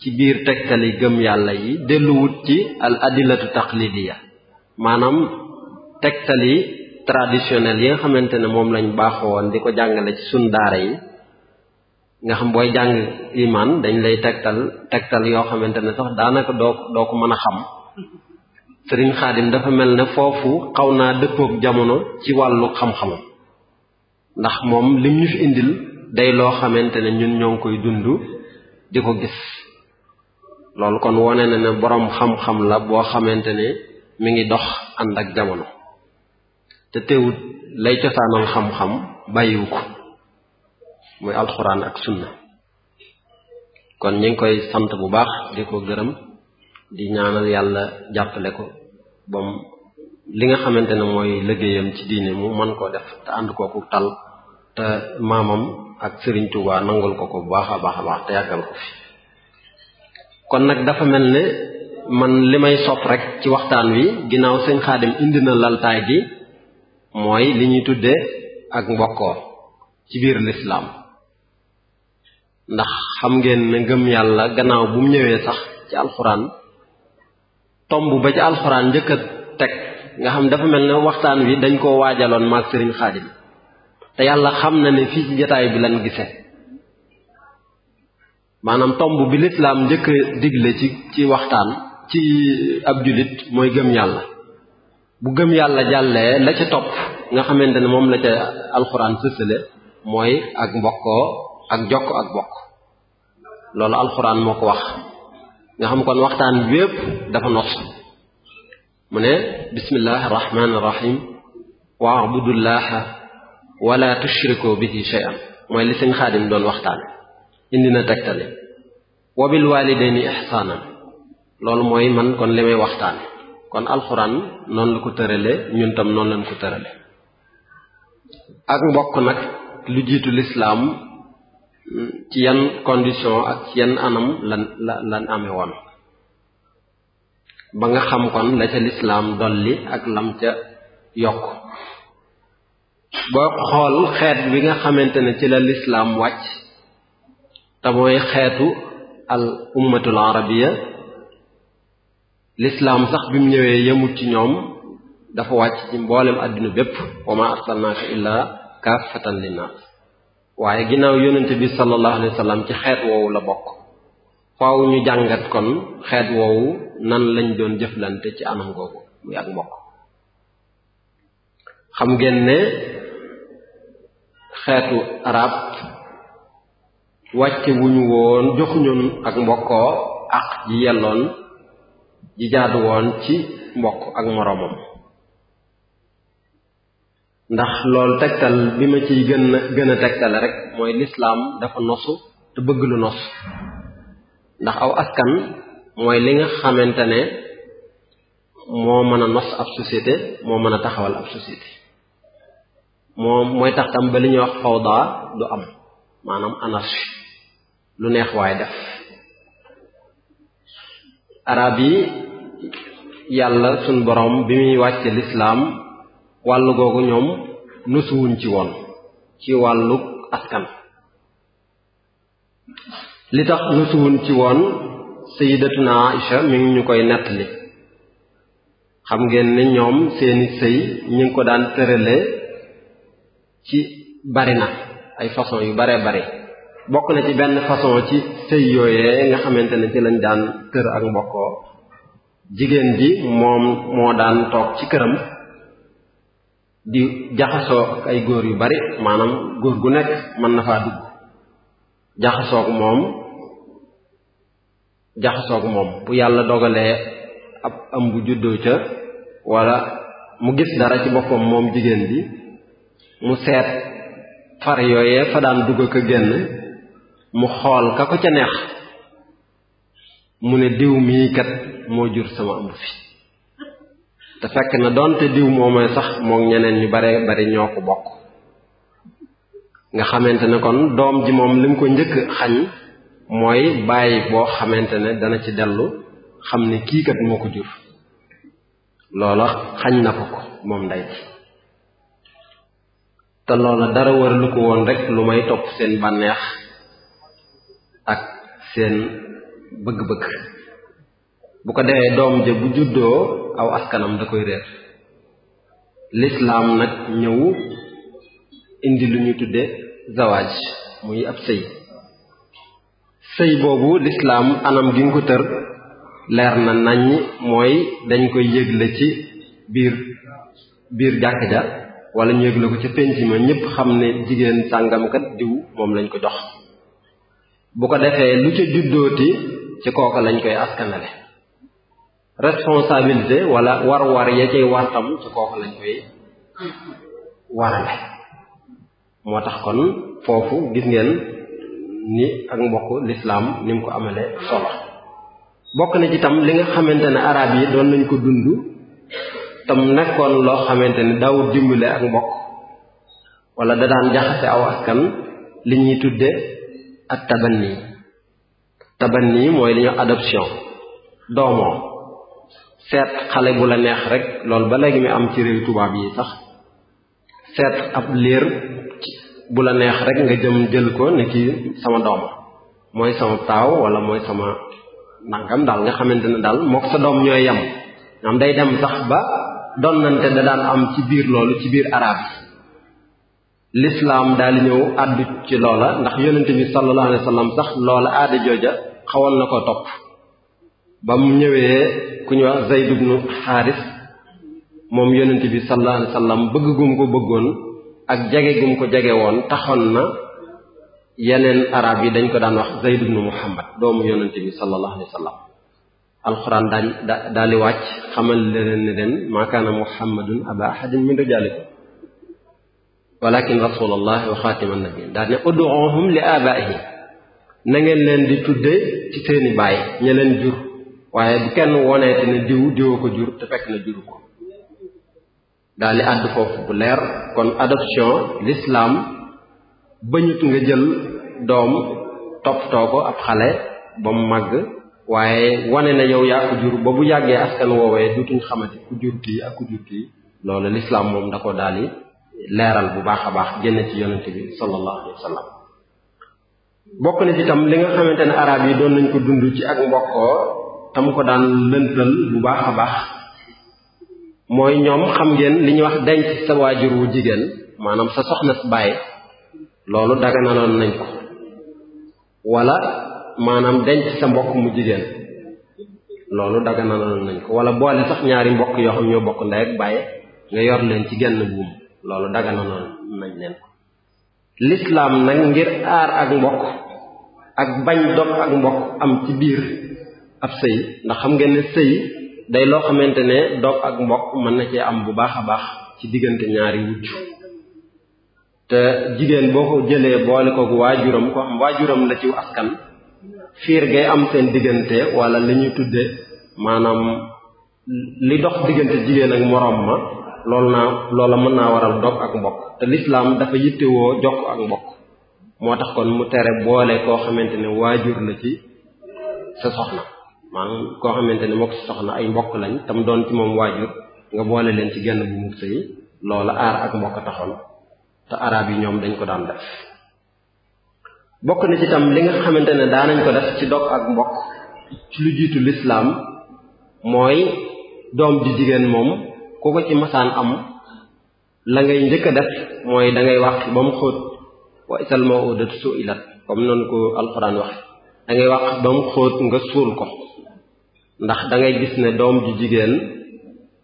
ci biir tegtali gëm yàlla yi delluwut ci al adilatu taqlidiya maanaam tegtali traditionnel yi nga xamante ne moom baaxoo baaxoon di ko jàngale ci sun yi nga xam booy jàng imaan dañ lay tegtal tegtal yoo xamante ne sax daanaka doo doo ko mën a xam sëriñ xaadim dafa mel ne foofu xaw naa dëppoog jamono ci wàllu xam-xamam ndax moom lim ñu fi indil day loo xamante ne ñun ñoo ngi koy dund di ko gis loolu kon wone na ne boroom xam-xam la boo xamante ne mu ngi dox ànd ak jamono te teewut lay cosaanal xam-xam bàyyiwu ko muy alxuraan ak sunna kon ñu ngi koy sant bu baax di ko gërëm di ñaanal yàlla jàppale ko bam li nga xamante ne mooy liggéeyam ci diine mu mën koo def te ànd kooku tal te maamam ak sëriñ Touba nangul ko ko bu baax a baax a baax te yàggal ko fi kon nag dafa mel ne man li may sopp rek ci waxtaan wi ginnaaw sëñ xaadim indi na laltaay gi mooy li ñuy tudde ak mbokkoo ci biir lislaam ndax xam ngeen ne ngëm yàlla gannaaw bu mu ñëwee sax ci alxuraan tomb ba ca alxuraan njëkk teg nga xam dafa mel ne waxtaan wi dañ koo waajaloon maag sëriñ xaadim te yàlla xam na ne fii ci jataay bi lan gisee maanaam tomb bi lislaam njëkk a digle ci ci waxtaan ci ab jullit mooy gëm yàlla bu gëm yàlla jàllee la ca topp nga xamante ne moom la ca alxuraan sësale mooy ak mbokkoo ak jokk ak mbokk loolu alxuraan moo ko wax nga xam kon waxtaan wépp dafa not mu ne bismillahi rahmaani rahim wa abudullaha wala tushriku bihi shay'an mooy li sëñ xaadim doon waxtaan indi na tegtale wa bil walidayni loolu mooy man kon li may waxtaan kon alxuraan noonu la ko tërale ñun tam noonu lañ ko tërale ak mbokk nag lu jiitu lislaam ci yan condition ak ci yan anam lan la lan amee woon ba nga xam kon la ca lislaam dolli ak lam ca yokk ba xool xeet bi nga xamante ne ci la lislaam wàcc te xeetu al ummatul arabiya lislaam sax bi mu ñëwee yemut ci ñoom dafa wàcc ci mboolem àdduna bépp wa ma arsalnaaka illaa kaafatan linnaas waaye ginnaaw yonent bi sallallahu alayhi sallam ci xeet woowu la bokk faaw ñu jàngat kon xeet woowu nan lañ doon jëflante ci anam googu muy ak mbokk xam ngeen ne xeetu araab wàcce wuñu woon joxuñoon ak mbokkoo ak ji yelloon ji jaadu woon ci mbokk ak moroomam ndax loolu tegtal bi ma ciy gën a gën a tegtale rek mooy lislaam dafa nosu te bëgg lu nos ndax aw askan mooy li nga xamante ne moo mën a nos ab société moo mën a taxawal ab société moo mooy tax tam ba li ñuy wax fawdaa du am maanaam anarchie lu neex waaye def arab yi yàlla sunu borom bi muy wàcce lislaam wàllu googu ñoom nusuwuñ ci woon ci wàllu askan li tax nusuwuñ ci woon sayidatuna Aïcha mi ñu koy nettali xam ngeen ne ñoom seeni sëy ñu ngi ko daan tërale ci bari na ay façon yu baree bari bokk na ci benn façon ci sëy yooyee nga xamante ne ci lañ daan tër ak mbokkoo jigéen ji moom moo daan toog ci këram di jaxasoo ay góor yu bari maanaam góor gu nekk mën na faa dugg jaxasoog moom jaxasoog moom bu yàlla dogalee ab am bu juddoo ca walla mu gis dara ci boppam moom jigéen bi mu seet far yooyee fa daan dugg ak a génn mu xool ka ko ca neex mu ne diw mii kat moo jur sama ëmb fi te fekk na donte diw moomee sax moom ñeneen ñu bare bari ñoo ko bokk nga xamante ne kon doom ji moom li mu ko njëkk xañ mooy bàyyi boo xamante ne dana ci dellu xam ne kii kat moo ko jur loola xañ na ko ko moom ndey ji te loola dara war ko woon rek lu may topp seen bànneex ak seen bëgg-bëgg bu ko defee doom ja bu juddoo aw askanam da koy réer lislaam nag ñëw indi lu ñu tudde zawaaj muy ab sëy sëy boobu lislaam anam gi nga ko tër leer na nañ mooy dañ koy yëgle ci biir biir jàkk ja wala ñu yëgle ko ca penc ma ñépp xam ne jigéen sàngamkat diw moom lañ ko jox bu ko defee lu ca juddooti ci kooka lañ koy askanale responsabilité wala war-war ya cay war tam ci kooku lañ koy warale moo tax kon foofu gis ngeen ni ak mbokk lislaam ni mu ko amale solo bokk na ci tam li nga xamante ne araab yi doon nañ ko dund tam nekkoon loo xamante ne daawul dimbale ak mbokk wala da daan jaxase aw askan li ñuy tudde ak tabanni tabanni mooy li ñuy adoption doomoo seet xale bu la neex rek loolu ba léegi mi am ci réew tubaab yi sax seet ab liir bu la neex rek nga jëm jël ko ne kii sama doom mooy sama taaw wala mooy sama ndax daal nga xamante ne daal mook sa doom ñooy yem ñoom day dem sax ba donnante da daan am ci biir loolu ci biir arab yi lislaam daal di ñëw àddu ci loola ndax yonente bi sallallahu alayhi sax loola aada jooja xawoon na ko topp ba mu ñëwee ku ñu wax Zayd ibnu Xaaris moom yonent bi sallallahu alayhi wasallam bëgg gum ko bëggoon ak jage gum ko jage woon taxoon na yeneen arab yi dañ ko daan wax Zayd ibnu Muhammad doomu yonent bi sallallahu alayhi alxuraan daañ da daali wàcc xamal leen ne leen maa kaana Muhammadun aba ahadin min rijaalikum walakin rasulallahi wa xaatima nabiin daal ne uduuhum li abaihim na ngeen leen di tudde ci seeni baay ña jur waaye bu kenn woneete ne diw diwa ko jur te fekk na juru ko daal di àdd foofu bu leer kon adoption l'islam bañut nga jël doom too ko ab xale ba mu màgg waaye wane na yow yaa ko jur ba bu yàggee askan woowee dutuñ xamante ku jur kii ak ku jur kii loolu l'islam moom da ko daal di leeral bu baax a baax génn ci yonent bi sallallahu alayhi wa bokk na ci li nga xamante ne araab yi doon nañ ko dund ci ak mbokkoo tam ko daan lëntal bu baax a baax mooy ñoom xam ngeen li ñuy wax denc sa waajur wu jigéen maanaam sa soxna si bàyyi loolu daganaloon nañ ko wala maanaam denc sa mbokk mu jigéen loolu na daganaloon nañ ko wala boole sax ñaari mbokk yoo xam ñoo bokk ndey ak bàyyi nga yor leen ci genn buum loolu daganaloon nañ leen ko lislaam nag ngir aar ak mbokk ak bañ dog ak mbokk am ci biir ab sëy ndax xam ngeen ne sëy day loo xamante ne doog ak mbokk mën na cee am bu baax a baax ci diggante ñaari wujj te jigéen boo ko jëlee boole ko waajuram ko xam waajuram la ci askan fiir gay am seen diggante walla lañuy ñuy tudde maanaam li dox diggante jigéen ak moroom ma loolu naa loola mën naa waral dog ak mbokk te lislaam dafa yittewoo jokk ak mbokk moo tax kon mu tere boole koo xamante ne waajur la ci sa soxna maanaam koo xamante ne mook soxna ay mbokk lañ tam doon ci moom waajur nga boole leen ci genn bu mu sëy loola aar ak mbokk taxoon te araab yi ñoom dañ ko daan def bokk na ci tam li nga xamante ne daanañ ko def ci dog ak mbokk ci lu jiitu lislaam mooy doom di jigéen moom ku ko ci masaan am la ngay njëkk a def mooy da ngay wax ba mu xóot wa isal mawudatu suilat comme noonu ko alxuraan wax da wax ba mu xóot nga suul ko ndax dangay gis ne doom ju jigéen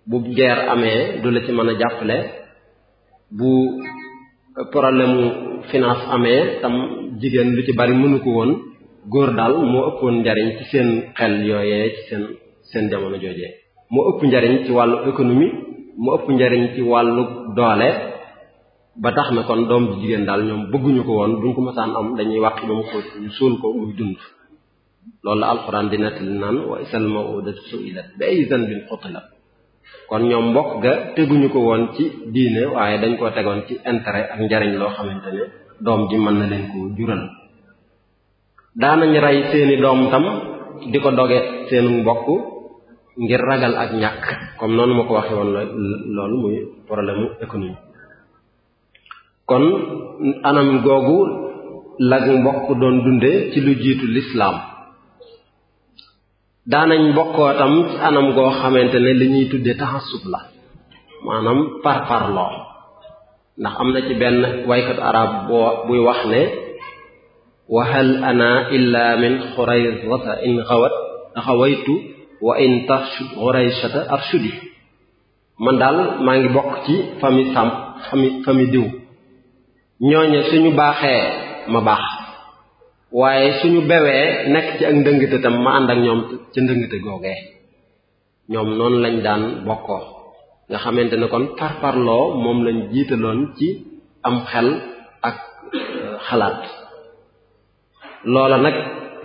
bu guerre amee du la ci mën a jàppale bu problème mu finance amee tam jigéen lu ci bari mënu ko woon góor daal moo ëppoon njariñ ci seen xel yooyee ci seen seen jamono joojee moo ëpp njariñ ci wàllu économie moo ëpp njariñ ci wàllu doole ba tax na kon doom ju jigéen daal ñoom bëgguñu ko woon buñ ko mësaan am dañuy wàq ba mu ko suul ko muy dund loolu la alxuraan di nettali naan wa isal mawudatu suilat bi ay zanbin qutilat kon ñoom mbokk ga teguñu ko woon ci diine waaye dañ koo tegoon ci intérêt ak njariñ loo xamante ne doom ji mën na leen ko jural daanañ rey seeni doom tam di ko doge seenu mbokk ngir ragal ak ñàkk comme noonu ma ko waxee woon loolu muy problème mu économie kon anam googu lag mbokk doon dunde ci lu jiitu lislaam daanañ bokkoo tam ci anam goo xamante ne li ñuy tudde taxasub la maanaam par parloo ndax am na ci benn waykatu arab boo buy wax ne wa hal ana illa min xuraysata in xawat wa in tarshud xuraysata arshudi man daal maa ngi bokk ci fami sàmp fami fami diw ñooñe suñu baaxee ma baax waaye suñu bewee nekk ci ak ndëngte tam ma ànd ak ñoom ci ndëngte googee ñoom noonu lañ daan mbokkoo nga xamante ne kon parparloo moom lañ jiitaloon ci am xel ak euh, xalaat loola nag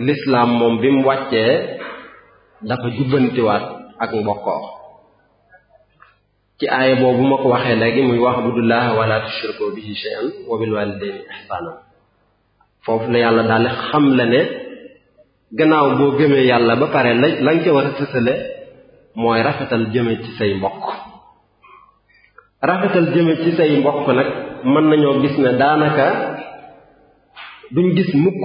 lislaam moom bi mu wàccee dafa jubbantiwaat ak mbokkoo ci aaya boobu ma ko waxee léegi muy wax budullaah wala tushriku bihi shay'an wa bil walidayni foofu la yàlla daal xam la ne gannaaw boo gëmee yàlla ba pare la la nga war a sësale mooy rafetal jëme ci say mbokk rafetal jëme ci say mbokk nag mën nañoo gis ne daanaka duñ gis mukk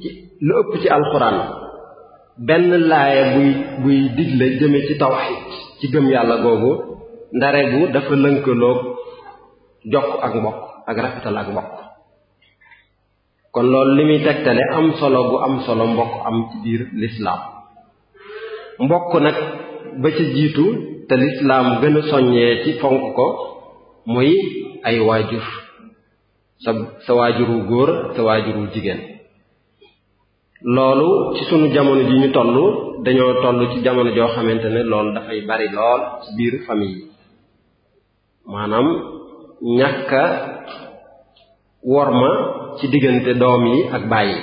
ci lu ëpp ci alxuraan benn laaya buy buy digle jëme ci tawxiid ci gëm yàlla googu ndare bu dafa lënkaloog jokk ak mbokk ak rafetal ak mbokk kon loolu li muy tegtale am solo bu am solo mbokk am ci biir lislaam mbokk nag ba ci jiitu te lislaam gën a soññee ci fonk ko muy ay waajur sa sa waajuru góor sa waajuru jigéen loolu ci sunu jamono ji ñu tollu dañoo toll ci jamono joo xamante ne loolu dafay bari lool ci biir famille yi maanaam ñàkka worma ci diggante doom yi ak bàyyi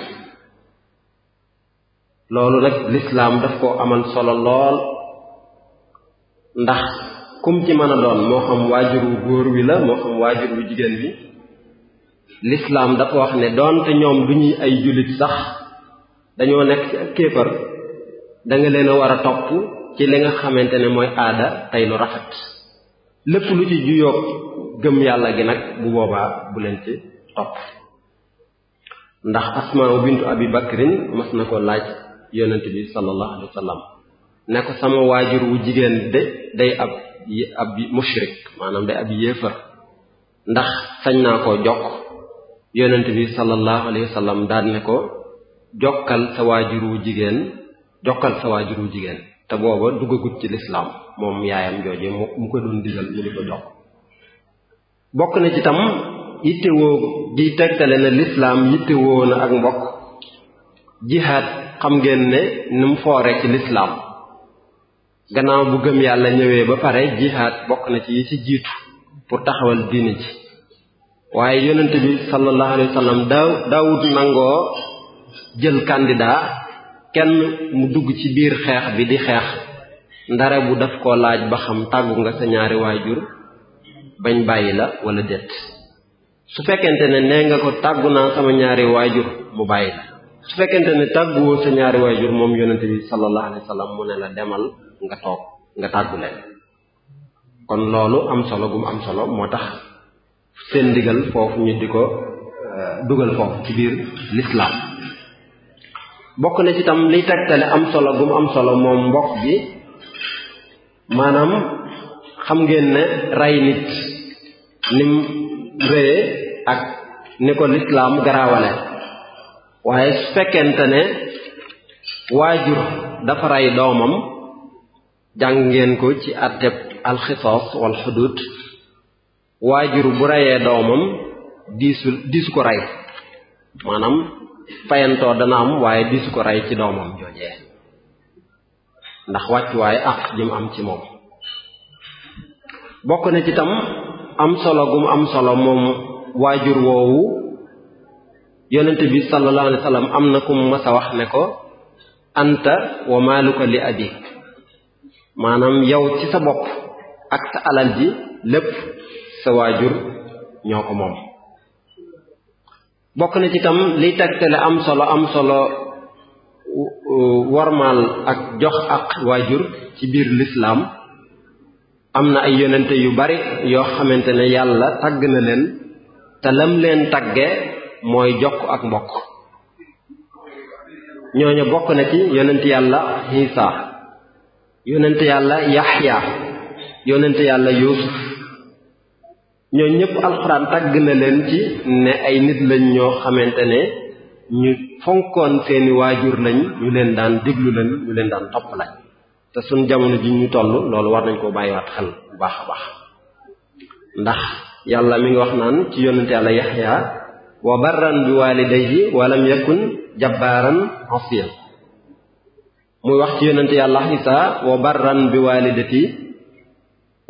loolu nag lislaam daf ko amal solo lool ndax kum ci mën a doon moo xam waajur wu góor wi la moo xam waajur wu jigéen bi lislaam dafa wax ne doonte ñoom du ñuy ay jullit sax dañoo nekk ci ak kéefar da nga leen a war a topp ci li nga xamante ne mooy aada tey lu rafet lépp lu ci juyoog gëm yàlla gi nag bu boobaa bu leen ci topp ndax asmaa bintu abi bakrin mas na ko laaj yonent bi sallallahu alayhi wa ne ko sama waajur wu jigéen de day ab ab mushrik maanaam day ab yéefar ndax sañ naa ko jokk yonent bi sallallahu alayhi wa sallam daan ne ko jokkal sa waajur wu jigéen jokkal sa waajur wu jigéen te booba duggagut ci lislaam moom yaayam jooje mu mu ko doon digal ñu di ko jox bokk na ci tam yittewoo gi tegtale na lislaam yittewoo na ak mbokk jihaad xam ngeen ne ni mu foore ci lislaam gannaaw bu gëm yàlla ñëwee ba pare jihaad bokk na ci yi ci jiitu pour taxawal diine ji waaye yonent bi sallallahu alayhi wa daawut nangoo jël candidat kenn mu dugg ci biir xeex bi di xeex ndare bu daf ko laaj ba xam tàggu nga sa ñaari waajur bañ bàyyi la wala déet su fekkente ne nee nga ko tàggu naa sama ñaari waajur mu bàyyi la su fekkente ne tàgguwoo sa ñaari waajur moom yonente bi sallallahu alayhi wa sallam mu ne la demal nga toog nga tàggu leen kon loolu am solo gum am solo moo tax seen ndigal foofu di ko euh, dugal ci biir lislaam bokk na tam liy tegtale am solo gum am solo moom mbokk bi maanaam xam ngeen ne rey nit nim réye ak ni ko lislaam garaawale waaye su fekkente ne waajur dafa rey doomam jàng ngeen ko ci àtteb alxisaas wal xuduud waajur bu reyee doomam diisu diisu ko rey maanaam fayantoo dana am waaye diisu ko rey ci doomam joojee ndax wàccuwaay ak jëm am ci moom bokk na ci tam am solo gum am solo moom waajur woowu yonent bi sallallahu alayhi wa am na ku mu sa wax ne ko anta wa maaluka li abik maanaam yow ci sa bopp ak sa alal ji lépp sa waajur ñoo ko moom bokk na ci tam liy tegtale am solo am solo warmaal ak jox ak waajur ci biir lislaam am na ay yonente yu bari yoo xamante ne yàlla tagg na leen te lam leen tagge mooy jokk ak mbokk ñooñu bokk na ci yonent yàlla Isa yonent yàlla Yaxya yonent yàlla Yuusuf ñoo ñëpp alxuraan tagg na leen ci ne ay nit lañ ñoo xamante ne ñu fonkoon seeni waajur lañ ñu leen daan diglu lañ ñu leen daan topp lañ te suñ jamono ji ñu toll loolu war nañ koo bàyyiwaat xel bu baax a baax ndax yàlla mi ngi wax naan ci yonente yàlla yaxya wa barran bi walidayhi walam yakun jabbaaran asiyan muy wax ci yonente yàlla isa wa barran bi walidati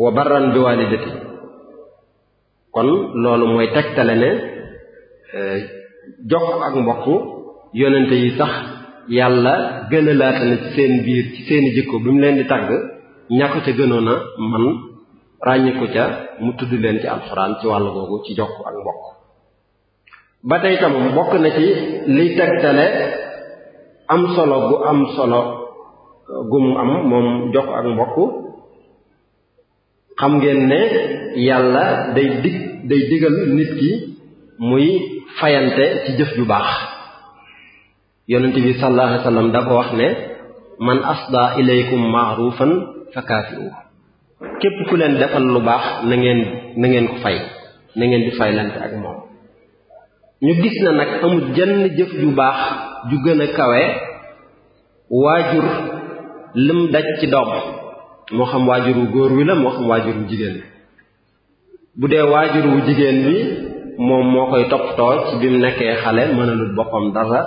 wa barran bi walidati kon loolu mooy tegtale ne eh, jokk ak mbokk yonente yi sax yàlla gën a ci seen biir ci seeni jikko bi mu leen di tagg ñàkk ca gënoon a man ràññiku ca mu tudd leen ci alxuraan ci wàll googu ci jokk ak mbokk ba tey tam bokk na ci li tegtale am solo gu am solo gu mu am moom jokk ak mbokk xam ngeen ne yàlla day dig day digal nit ki muy fayante ci jëf ju baax yonent bi sallallahu alayhi wa da ko wax ne man asda ilaykum maarufan fa kaafiru képp ku leen defal lu baax na ngeen na ko fay na ngeen di faylante ak moom ñu gis na nag amul jenn jëf ju baax ju gën a kawe waajur lim daj ci doom moo xam waajur wu góor wi la moo xam waajur wu jigéen bu dee waajur wu jigéen bi moom moo koy toppatoo ci bi mu nekkee xale mënalul boppam dara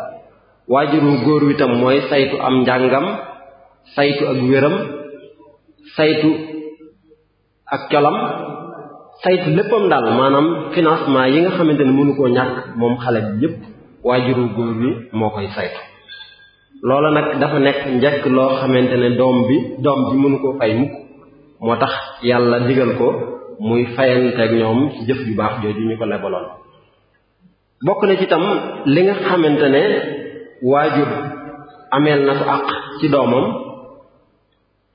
waajuru góor wi tam mooy saytu am njàngam saytu ak wéram saytu ak colam saytu léppam daal maanaam financement yi nga xamante ne mënu koo ñàkk moom xale bi yépp waajuru góor wi moo koy saytu loola nag dafa nekk njëkk loo xamante ne doom bi doom bi mënu koo fay mukk moo tax yàlla digal ko muy fayanteeg ñoom ci jëf ju baax jooju ñu ko lebaloon bokk na ci tam li nga xamante ne waajur ameel na ko àq ci doomam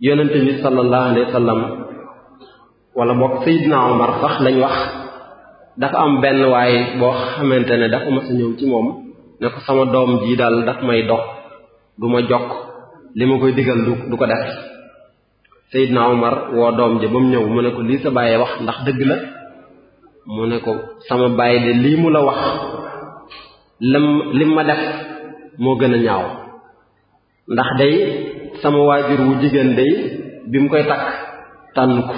yonente bi sallallahu alayhi wa sallam wala boog Seydina Omar sax lañ wax dafa am benn waay boo xamante ne dafa ma a ñëw ci moom ne ko sama doom ji daal daf may dog du ma jokk li ma koy digal du du ko def na Omar woo doom ji ba mu ñëw mu ne ko lii sa bàyyee wax ndax dëgg la mu ne ko sama bàyyi de lii mu la wax lam lim ma def moo gën a ñaaw ndax day sama waajur wu jigéen day bi mu koy takk tànn ko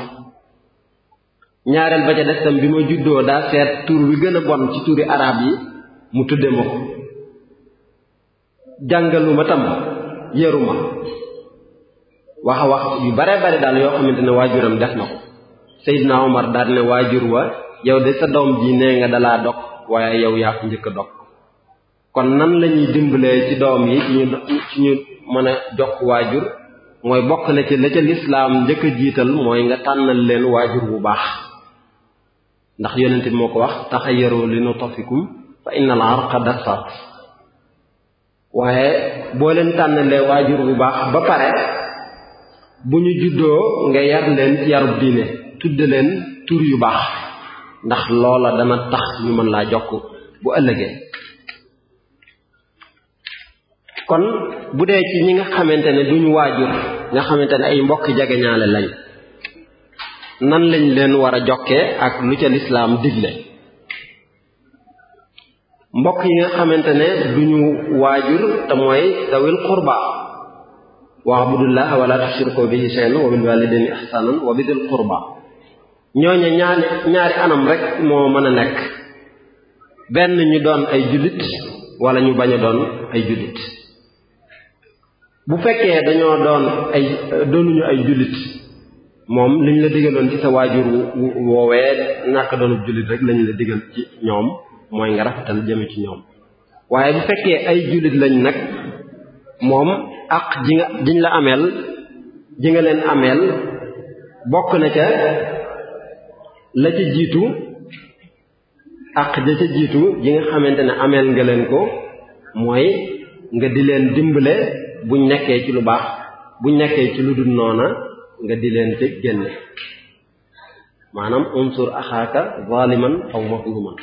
ñaareel ba ca des tam bi ma juddoo daa seet tur wi gën a bon ci turi arab yi mu tudde ma ko jàngaluma tam yaruma wax wax yu bare bare daal yoo xamante ne waajuram def na ko na Omar daal ne waajur wa yow de sa doom ji nee nga dalaa dog waaye yow yaa ko njëkk dog kon nan lañuy ñuy dimbalee ci doom yi ci ñu ci ñu mën a jokk waajur mooy bokk na ci la ca lislaam njëkk jiital mooy nga tànnal leen waajur bu baax ndax yonent moo ko wax taxayaru li nutfikum fa inna al arqa dasat waaye boo leen tànnalee waajur bu baax ba pare bu ñu juddoo nga yar leen ci yarub tudd leen tur yu baax ndax loola dana tax ñu mën laa jokk bu ëllëgee kon bu dee ci ñi nga xamante ne duñu waajur nga xamante ne ay mbokk jegeñaale lañ nan lañ leen war a jokkee ak lu ca lislaam digle mbokk yi nga xamante ne duñu waajur te mooy dawil qurba wa'budullaha wala tushriku bihi shay'an wa bil walidayni ihsanan wa bidil qurba ñooñu ñaari ñaari anam rek moo mën a nekk benn ñu doon ay jullit wala ñu bañ a doon ay jullit bu fekkee dañoo doon ay doonuñu ay jullit moom liñ la digaloon ci sa waajur woowee ñàkk doonub jullit rek lañ la digal ci ñoom mooy nga rafetal jëme ci ñoom waaye bu fekkee ay jullit lañ nag moom ak ji nga jiñ la ameel ji nga leen ameel bokk na ca la ca jiitu ak ja ca jiitu ji nga xamante ne ameel nga leen ko mooy nga di leen dimbale buñ nekkee ci lu baax buñ nekkee ci lu dul noona nga di leen te génne maanaam unsur axaaka zaliman aw mazluman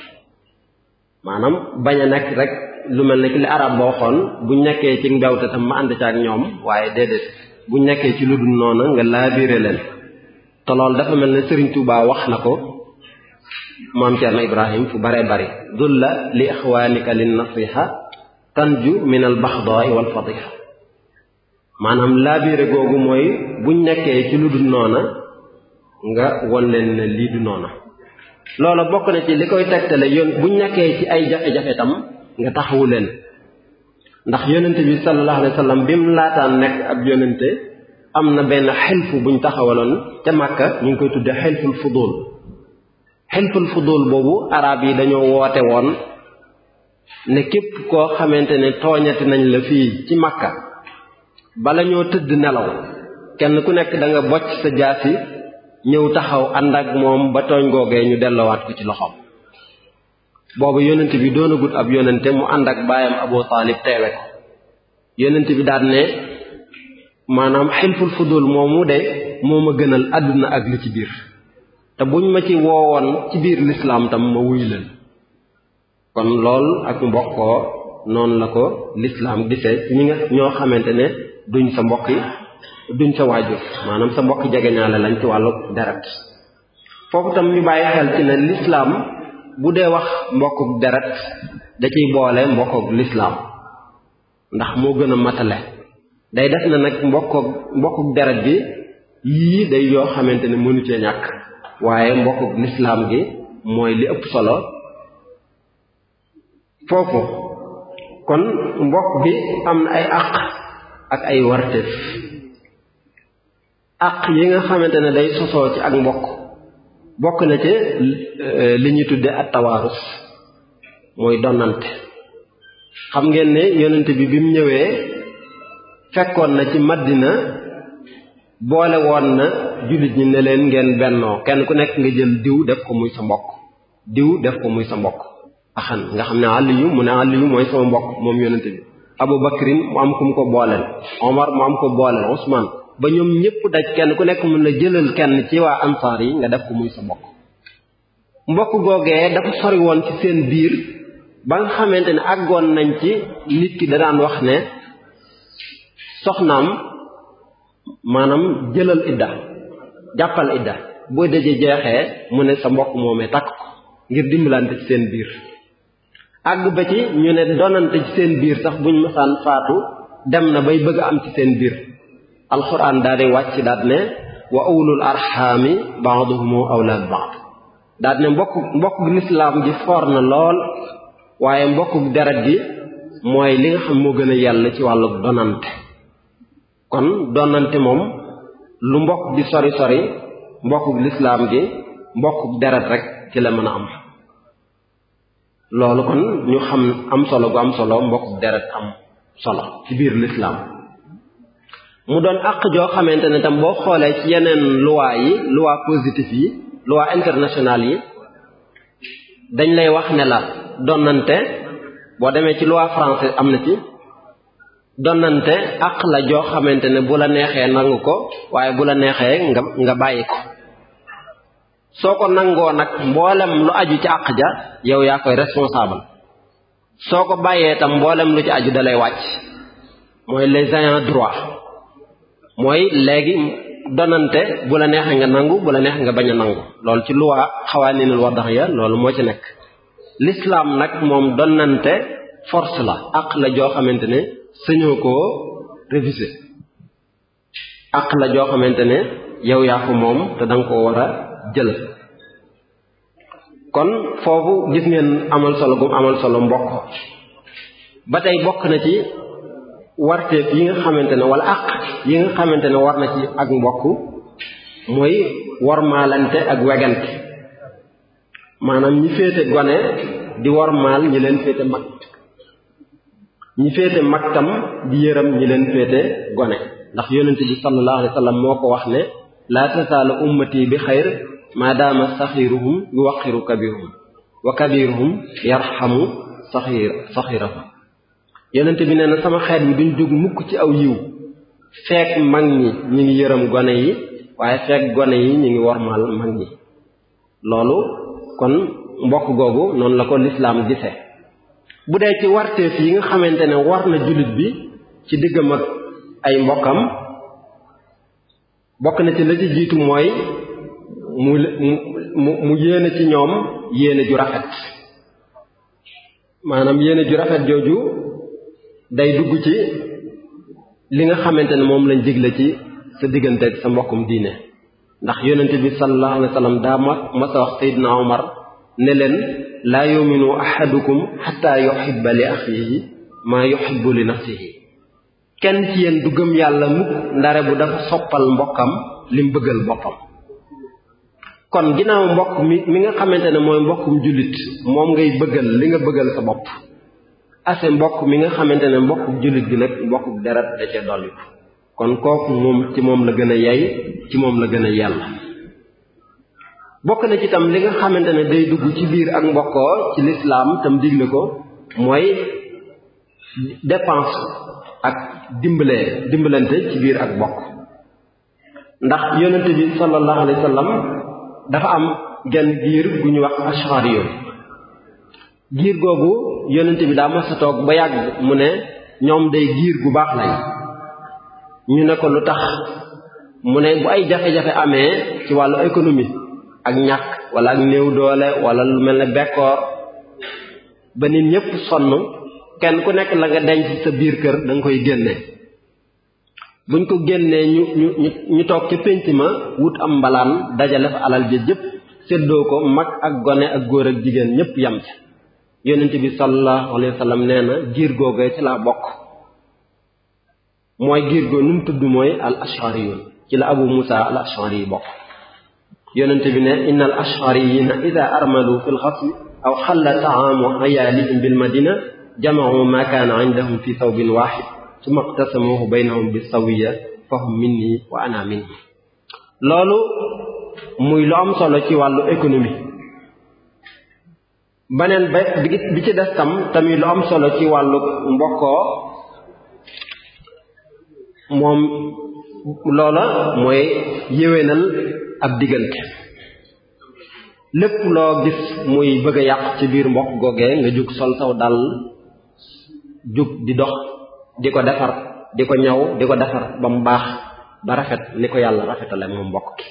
maanaam bañ a nekk rek lu mel ne ki li arab ba waxoon buñ nekkee ci mbewte tam ma ànd ca ak ñoom waaye déedéet buñ nekkee ci lu dul noona nga laabiire leen te loolu dafa mel ne Serigne Touba wax na ko maam Thierno Ibrahim fu bare bari dulla li ixwanika lin nasiha tanju min al baxdaai wal fadiha maanaam laabiire googu mooy buñ nekkee ci lu dul noona nga won leen ne lii du noona loola bokk na ci li koy tegtale bu buñ nekkee ci ay jafe-jafe tam nga taxawu leen ndax yonente bi sallallahu alayhi wa bi mu laataan nekk ak yonente am na benn xelfu buñ taxawaloon ca Màkka ñu ngi koy tudde xelful fudul xelful fudul boobu araab yi dañoo woote woon ne képp koo xamante ne tooñati nañ la fii ci Màkka bala ñoo tëdd nelaw kenn ku nekk danga nga bocc sa jaasi ñëw taxaw ànd ak moom ba tooñ googee ñu dellowaat ko ci loxoom boobu yonent bi doonagut ab yonente mu ànd ak baayam Abu Taalib teewe ko yonent bi daan ne maanaam xilful fudul moomu de moo ma gënal àdduna ak li ci biir te buñ ma ci woowoon ci biir lislaam tam ma wuy leen kon lool ak mbokkoo noonu la ko lislaam gisee ñi nga ñoo xamante ne duñ sa mbokk yi duñ sa waajur maanaam sa mbokk jegeñaale lañ ci wàllu deret foofu tam ñu bàyyi xel ci ne lislaam bu dee wax mbokkuk deret da ciy boole mbokkuk lislaam ndax moo gën a matale day def na nag mbokkuk mbokkuk deret bi yii day yoo xamante ne mënu cee ñàkk waaye mbokkuk lislaam gi mooy li ëpp solo foofu kon mbokk bi am na ay àq ak ay warteef àq yi nga xamante ne day sosoo ci ak mbokk bokk na ci euh, li ñuy tudde at tawaarus mooy donnante xam ngeen ne yonent bi bi mu ñëwee fekkoon na ci maddina boole woon na jullit ñi ne leen ngeen bennoo kenn ku nekk nga jël diw def ko muy sa mbokk diw def ko muy sa mbokk axan nga xam ne àll yu mu ne àll yu mooy sama mbokk moom yonent bi Abu Bakrin mu am ku mu ko booleel Omar mu am ko booleel Ousmane ba ñoom ñëpp daj kenn ku nekk mën na jëlal kenn ci waa ansaar yi nga def ko muy sa mbokk mbokk googee dafa sori woon ci seen biir ba nga xamante ne àggoon nañ ci nit ki da daan wax ne soxnaam maanaam jëlal idda jàppal idda boo dajee jeexee mu ne sa mbokk moomee takk ko ngir dimbalante ci seen biir àgg ba ci ñu ne donante ci seen biir sax buñ masaan faatu dem na bay bëgg a am ci seen biir alxuraan daal di wàcc daal ne wa ulul arxaami baaduhum awlaa baad daal ne mbokk mbokk lislaam gi for na lool waaye mbokku deret gi mooy li nga xam moo gën a yàlla ci wàllu donante kon donante moom lu mbokk di sori sori mbokku lislaam gi mbokk deret rek ci la mën a am loolu kon ñu xam am solo gu am solo mbokk deret am solo ci biir lislaam mu doon àq joo xamante ne tam boo xoolee ci yeneen loi yi loi positif yi loi internationale yi dañ lay wax ne la donnante boo demee ci loi français am na ci donnante àq la joo xamante ne bu la neexee nangu ko waaye bu la neexee nga nga bàyyi ko soo ko nangoo nag mboolem lu aju ci àq ja yow yaa koy responsable soo ko bàyyee tam mboolem lu ci aju dalay wàcc mooy les ayants droit mooy léegi donante bu la neexee nga nangu bu la neex nga bañ a nangu loolu ci luwaa xawaaninul ya loolu moo ci nekk l'islam nag moom donante force la àq la joo xamante ne sañoo koo réviser àq la joo xamante ne yow yaa ko moom te da nga koo jël kon foofu gis ngeen amal solo gum amal solo mbokk ba tey bokk na ci warteef yi nga xamante ne wala àq xamante ne war na ci ak mbokk mooy wormaalante ak wegante maanaam ñi féete gone di wormaal ñi leen féete mag ñi féete mag tam di yërëm ñi leen féete gone ndax yonente bi sallallahu alayhi moo ko wax ne laa tasaalu ummati bi xayr maadaama saxiiruhum yuwaqiru kabiruhum wa kabiruhum yarxamu saxiir saxiirahum yonent bi nee na sama xeet bi duñ dugg mukk ci aw yiw feek mag ñi ñu ngi yërëm gone yi waaye feek gone yi ñu ngi wormaal mag ñi loolu kon mbokk googu noonu la ko lislaam gise bu dee ci warteef yi nga xamante ne war na jullit bi ci diggam ak ay mbokkam bokk na ci la ci jiitu mooy mu mu mu yéene ci ñoom yéene ju rafet maanaam yéene ju rafet jooju day dugg ci li nga xamante ne moom lañ digle ci sa diggante sa mbokkum diine ndax yonente bi sa alayhi wa sallam ma masa wax Seydina Omar ne leen laa yuminu ahadukum xataa yuhibba li axihi maa yuhibbu li nafsihi kenn ci yéen du gëm yàlla mukk ndare bu dafa soppal mbokkam lim bëggal boppam kon ginnaaw mbokk mi mi nga xamante ne mooy mbokkum jullit moom ngay bëggal li nga bëggal sa bopp ase mbokk mi nga xamante ne mbokkum jullit gi nag mbokkum deret da ca dolli ko kon kooku moom ci moom la gën a yey ci moom la gën a yàlla bokk na ci tam li nga xamante ne day dugg ci biir ak mbokkoo ci lislaam tam digle ko mooy dépense ak dimbalee dimbalante ci biir ak mbokk ndax yonente bi sallallahu alayhi wa sallam dafa am genn giir gu ñu wax ashariyu giir googu yonent bi daa mas a toog ba yàgg mu ne ñoom day giir gu baax lañ ñu ne ko lu tax mu ne bu ay jafe-jafe amee ci wàllu économie ak ñàkk walla ak néew doole wala lu mel ne bekkoor ba nit ñépp sonn kenn ku nekk la nga denc sa biir kër da koy génne buñ ko génnee ñu ñu ñu toog ca pénc ma wut am mbalaan dajale fa alal ja jëpp séddoo ko mag ak gone ak góor ak jigéen ñépp yam ca yonent bi sallallahu alayhi wa sallam nee na giir googee ci la bokk mooy giir goo nu mu tudd mooy al ashariyun ci la abu musa al ashari yi bokk yonent bi ne inna al ashariyina ida armalu fi l xasl aw xalla taamu ayaalihim bil madina jamacu ma kaana indahum fi sawbin waaxid summa qtasamuhu baynahum bi sawiya fahum minni wa ana loolu muy lu am solo ci wàllu économie beneen ba bi ci des tam tamit lu am solo ci wàllu mbokkoo moom loola mooy yéwénal ab diggante lépp loo gis muy bëgg a yàq ci biir mbokk googee nga jug sol saw dal jug di dox di ko defar di ko ñaw di ko defar ba mu baax ba rafet ni ko yàlla rafetale mu mbokk ki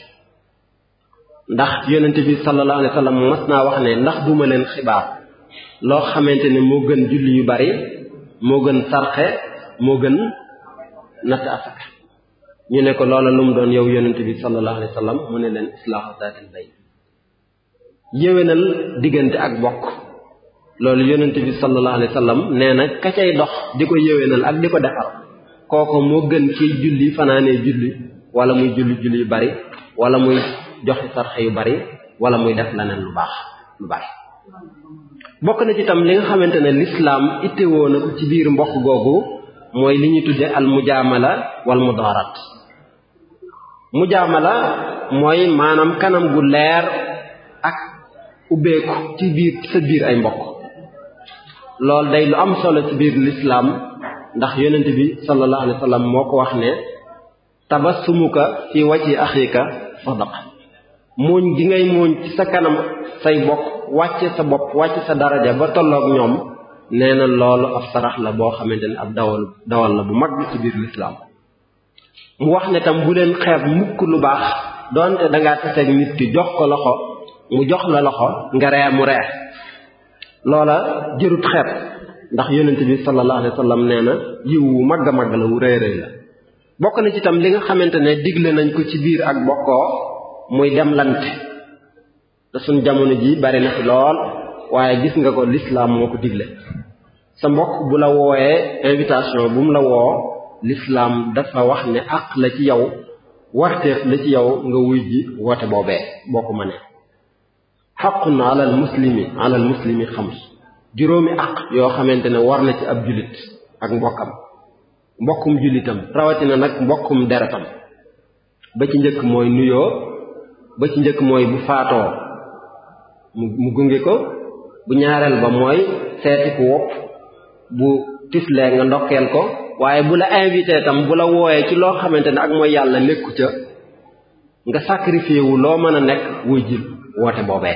ndax yonente bi sallallahu alayhi wa sallam mas naa wax ne ndax duma leen xibaar loo xamante ne moo gën julli yu bari moo gën sarxe moo gën natt asaka ñu ne ko loola lu mu doon yow yonente bi sallallahu alayhi wa sallam mu ne leen islaahu zaatil bay yéwénal diggante ak bokk loolu yonent bi sallallahu alayhi wa sallam nee na ka cay dox di ko yéwénal ak di ko defar kooko moo gën ci julli fanaanee julli wala muy julli julli yu bari wala muy joxe sarxe yu bari wala muy def leneen lu baax lu bari bokk na ci tam li nga xamante ne lislaam ittewoo na ko ci biir mbokk googu mooy li ñuy tudde al mujaamala wal mu mudaarat mujaamala mooy maanaam kanam gu leer ak ubbeeku ci biir sa biir ay mbokk loolu day lu am solo ci biir lislaam ndax yonent bi sallallahu alayhi wa moo ko wax ne tabassumuka fi wajhi axika sadaqa muuñ gi ngay muuñ ci sa kanam say bokk wàcce sa bopp wàcce sa daraja ba tolloog ñoom nee na loolu ab sarax la boo xamante ne ab dawal dawal la bu mag bi ci biir lislaam mu wax ne tam bu leen xeeb mukk lu baax doonte dangaa taseeg nit ki jox ko loxo mu jox la loxo nga mu ree loola jërut xeet ndax yonent bi sallallahu alayhi wa sallam nee na yiw wu màgg a màgg la wu rëy rëy la bokk na ci itam li nga xamante ne digle nañ ko ci biir ak bokkoo muy dem lante te suñ jamono ji bari na fi lool waaye gis nga ko lislaam moo ko digle sa mbokk bu la wooyee invitation bu mu la woo lislaam dafa wax ne àq la ci yow warteef la ci yow nga wuy ji woote boobee boo ko ne xaqun ala al muslimi ala al muslimi xams juróomi àq yoo xamante ne war na ci ab jullit ak mbokkam mbokkum jullitam rawatina nag mbokkum deretam ba ci njëkk mooy nuyoo ba ci njëkk mooy bu faatoo mu gunge ko bu ñaareel ba mooy seeti ku wopp bu tislee nga ndokkeel ko waaye bu la invité tam bu la wooyee ci loo xamante ne ak mooy yàlla nekku ca nga sacrifié wu loo mën a nekk wuy jil woote boobee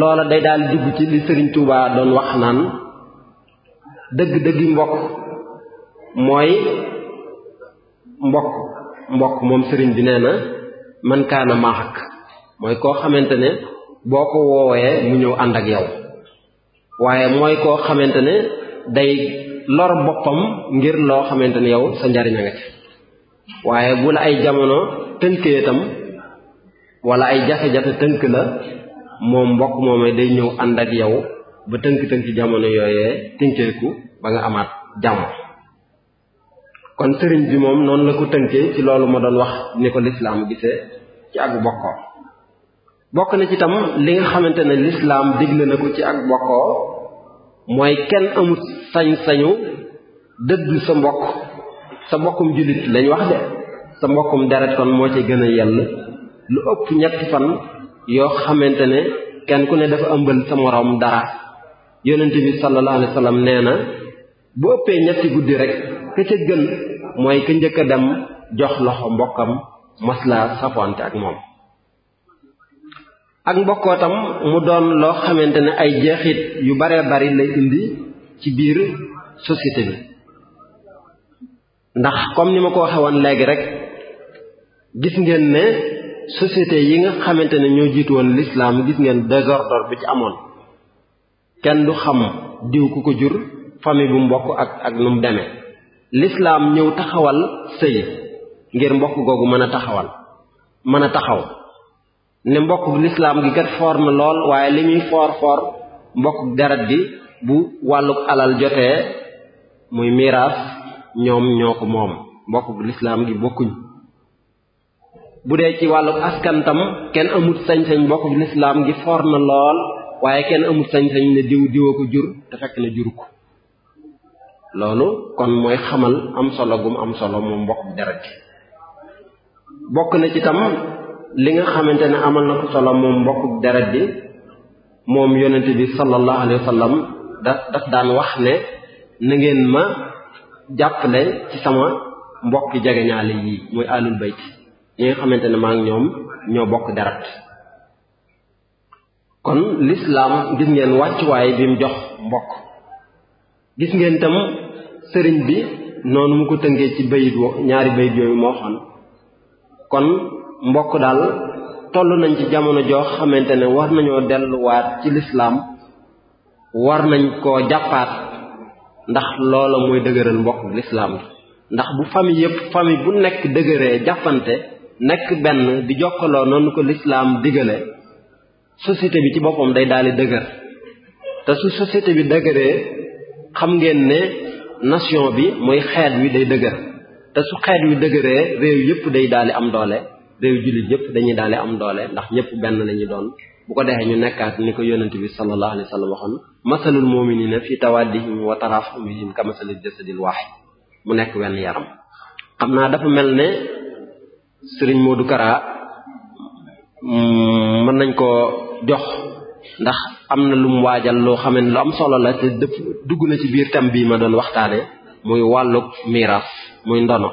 loola day daal dugg ci li Sëriñ Tuubaa doon wax naan dëgg-dëggi mbokk mooy mbokk mbokk moom sëriñ bi nee na man kaana maaxak mooy koo xamante ne boo ko woowee mu ñëw ànd ak yow waaye mooy koo xamante ne day lor boppam ngir loo xamante ne yow sa njariñ a nga ci waaye bu la ay jamono tënkee wala ay jafe-jafe tënk la moom mbokk moomee day ñëw ànd ak yow ba tënk-tënk jamono yooyee tënkeeku ba nga amaat jàmm kon sëriñ bi moom noonu la ko tënkee ci loolu ma doon wax ni ko lislaam gisee ci ak bokkoo bokk na ci itam li nga xamante ne lislaam digle na ko ci ak bokkoo mooy kenn amut sañ-sañu dëgg sa mbokk sa mbokkum jullit lañ wax de sa mbokkum deret kon moo ci gën a yell lu ëpp ñetti fan yoo xamante ne kenn ku ne dafa ëmbal sa moroom dara yonent bi sallallahu nee na bu ëppee ñetti guddi rek ka ca gën mooy ka njëkk a dem jox loxo mbokkam maslaa safonte ak moom ak mbokkootam mu doon loo xamante ne ay jeexit yu baree bari lay indi ci biir société bi ndax comme ni ma ko waxe woon léegi rek gis ngeen ne société yi nga xamante ne ñoo jiitu woon l'islam gis ngeen désordre bi ci amoon kenn du xam diw ku ko jur famille bu mbokk ak ak nu demee l'islam ñëw taxawal sëy ngir mbokk googu mën a taxawal mën a taxaw ne mbokk l'islam gi kat foor na lool waaye li muy foor foor mbokk deret gi bu wàlluk alal jotee muy miraas ñoom ñoo ko moom mbokk lislaam gi bokkuñ bu dee ci wàllu askan tam kenn amut sañ-sañ mbokk lislaam gi for na lool waaye kenn amut sañ-sañ ne diw diwa ko jur te fekk na juru ko loolu kon mooy xamal am solo gum am solo moom mbokk deret bokk na ci tam li nga xamante ne amal na solo moom mbokk deret bi moom yonente bi sallallahu alayhi wa sallam daf daan wax ne nangeen ma jàppale ci sama mbokk jegeñaale yi muy alul bayti ñi nga xamante ne maa ngi ñoom ñoo bokk deret kon lislaam gis ngeen wàccuwaay bi mu jox mbokk gis ngeen tam sëriñ bi noonu mu ko tënkee ci bayit wo ñaari bayit yooyu moo xon kon mbokk daal toll nañ ci jamono joo xamante ne war nañoo delluwaat ci lislaam war nañ koo jàppaat ndax looloo mooy dëgëral mbokk lislaam gi ndax bu famille yépp famille bu nekk dëgëree jàppante nekk benn di jokkaloo noonu ko lislaam digale société bi ci boppam day daal di dëgër te su société bi dëgëree xam ngeen ne nation bi mooy xeet wi day dëgër te su xeet wi dëgëree réew yëpp day daal di am doole réew jullit yëpp dañuy daal di am doole ndax ñëpp benn la ñu doon bu ko defee ñu nekkaat ni ko yonent bi sallallahu alayhi wa sallam waxoon masalul muminina fi tawaddihim wa tarafumihim ka masalil jasadil waaxid mu nekk wenn yaram xam naa dafa mel ne sëriñ Modou Kara mm, mën nañ koo jox ndax am na lu mu waajal loo xam ne lu am solo la te dëpp dugg na ci biir tam bii ma doon waxtaane muy wàllug miraas muy ndono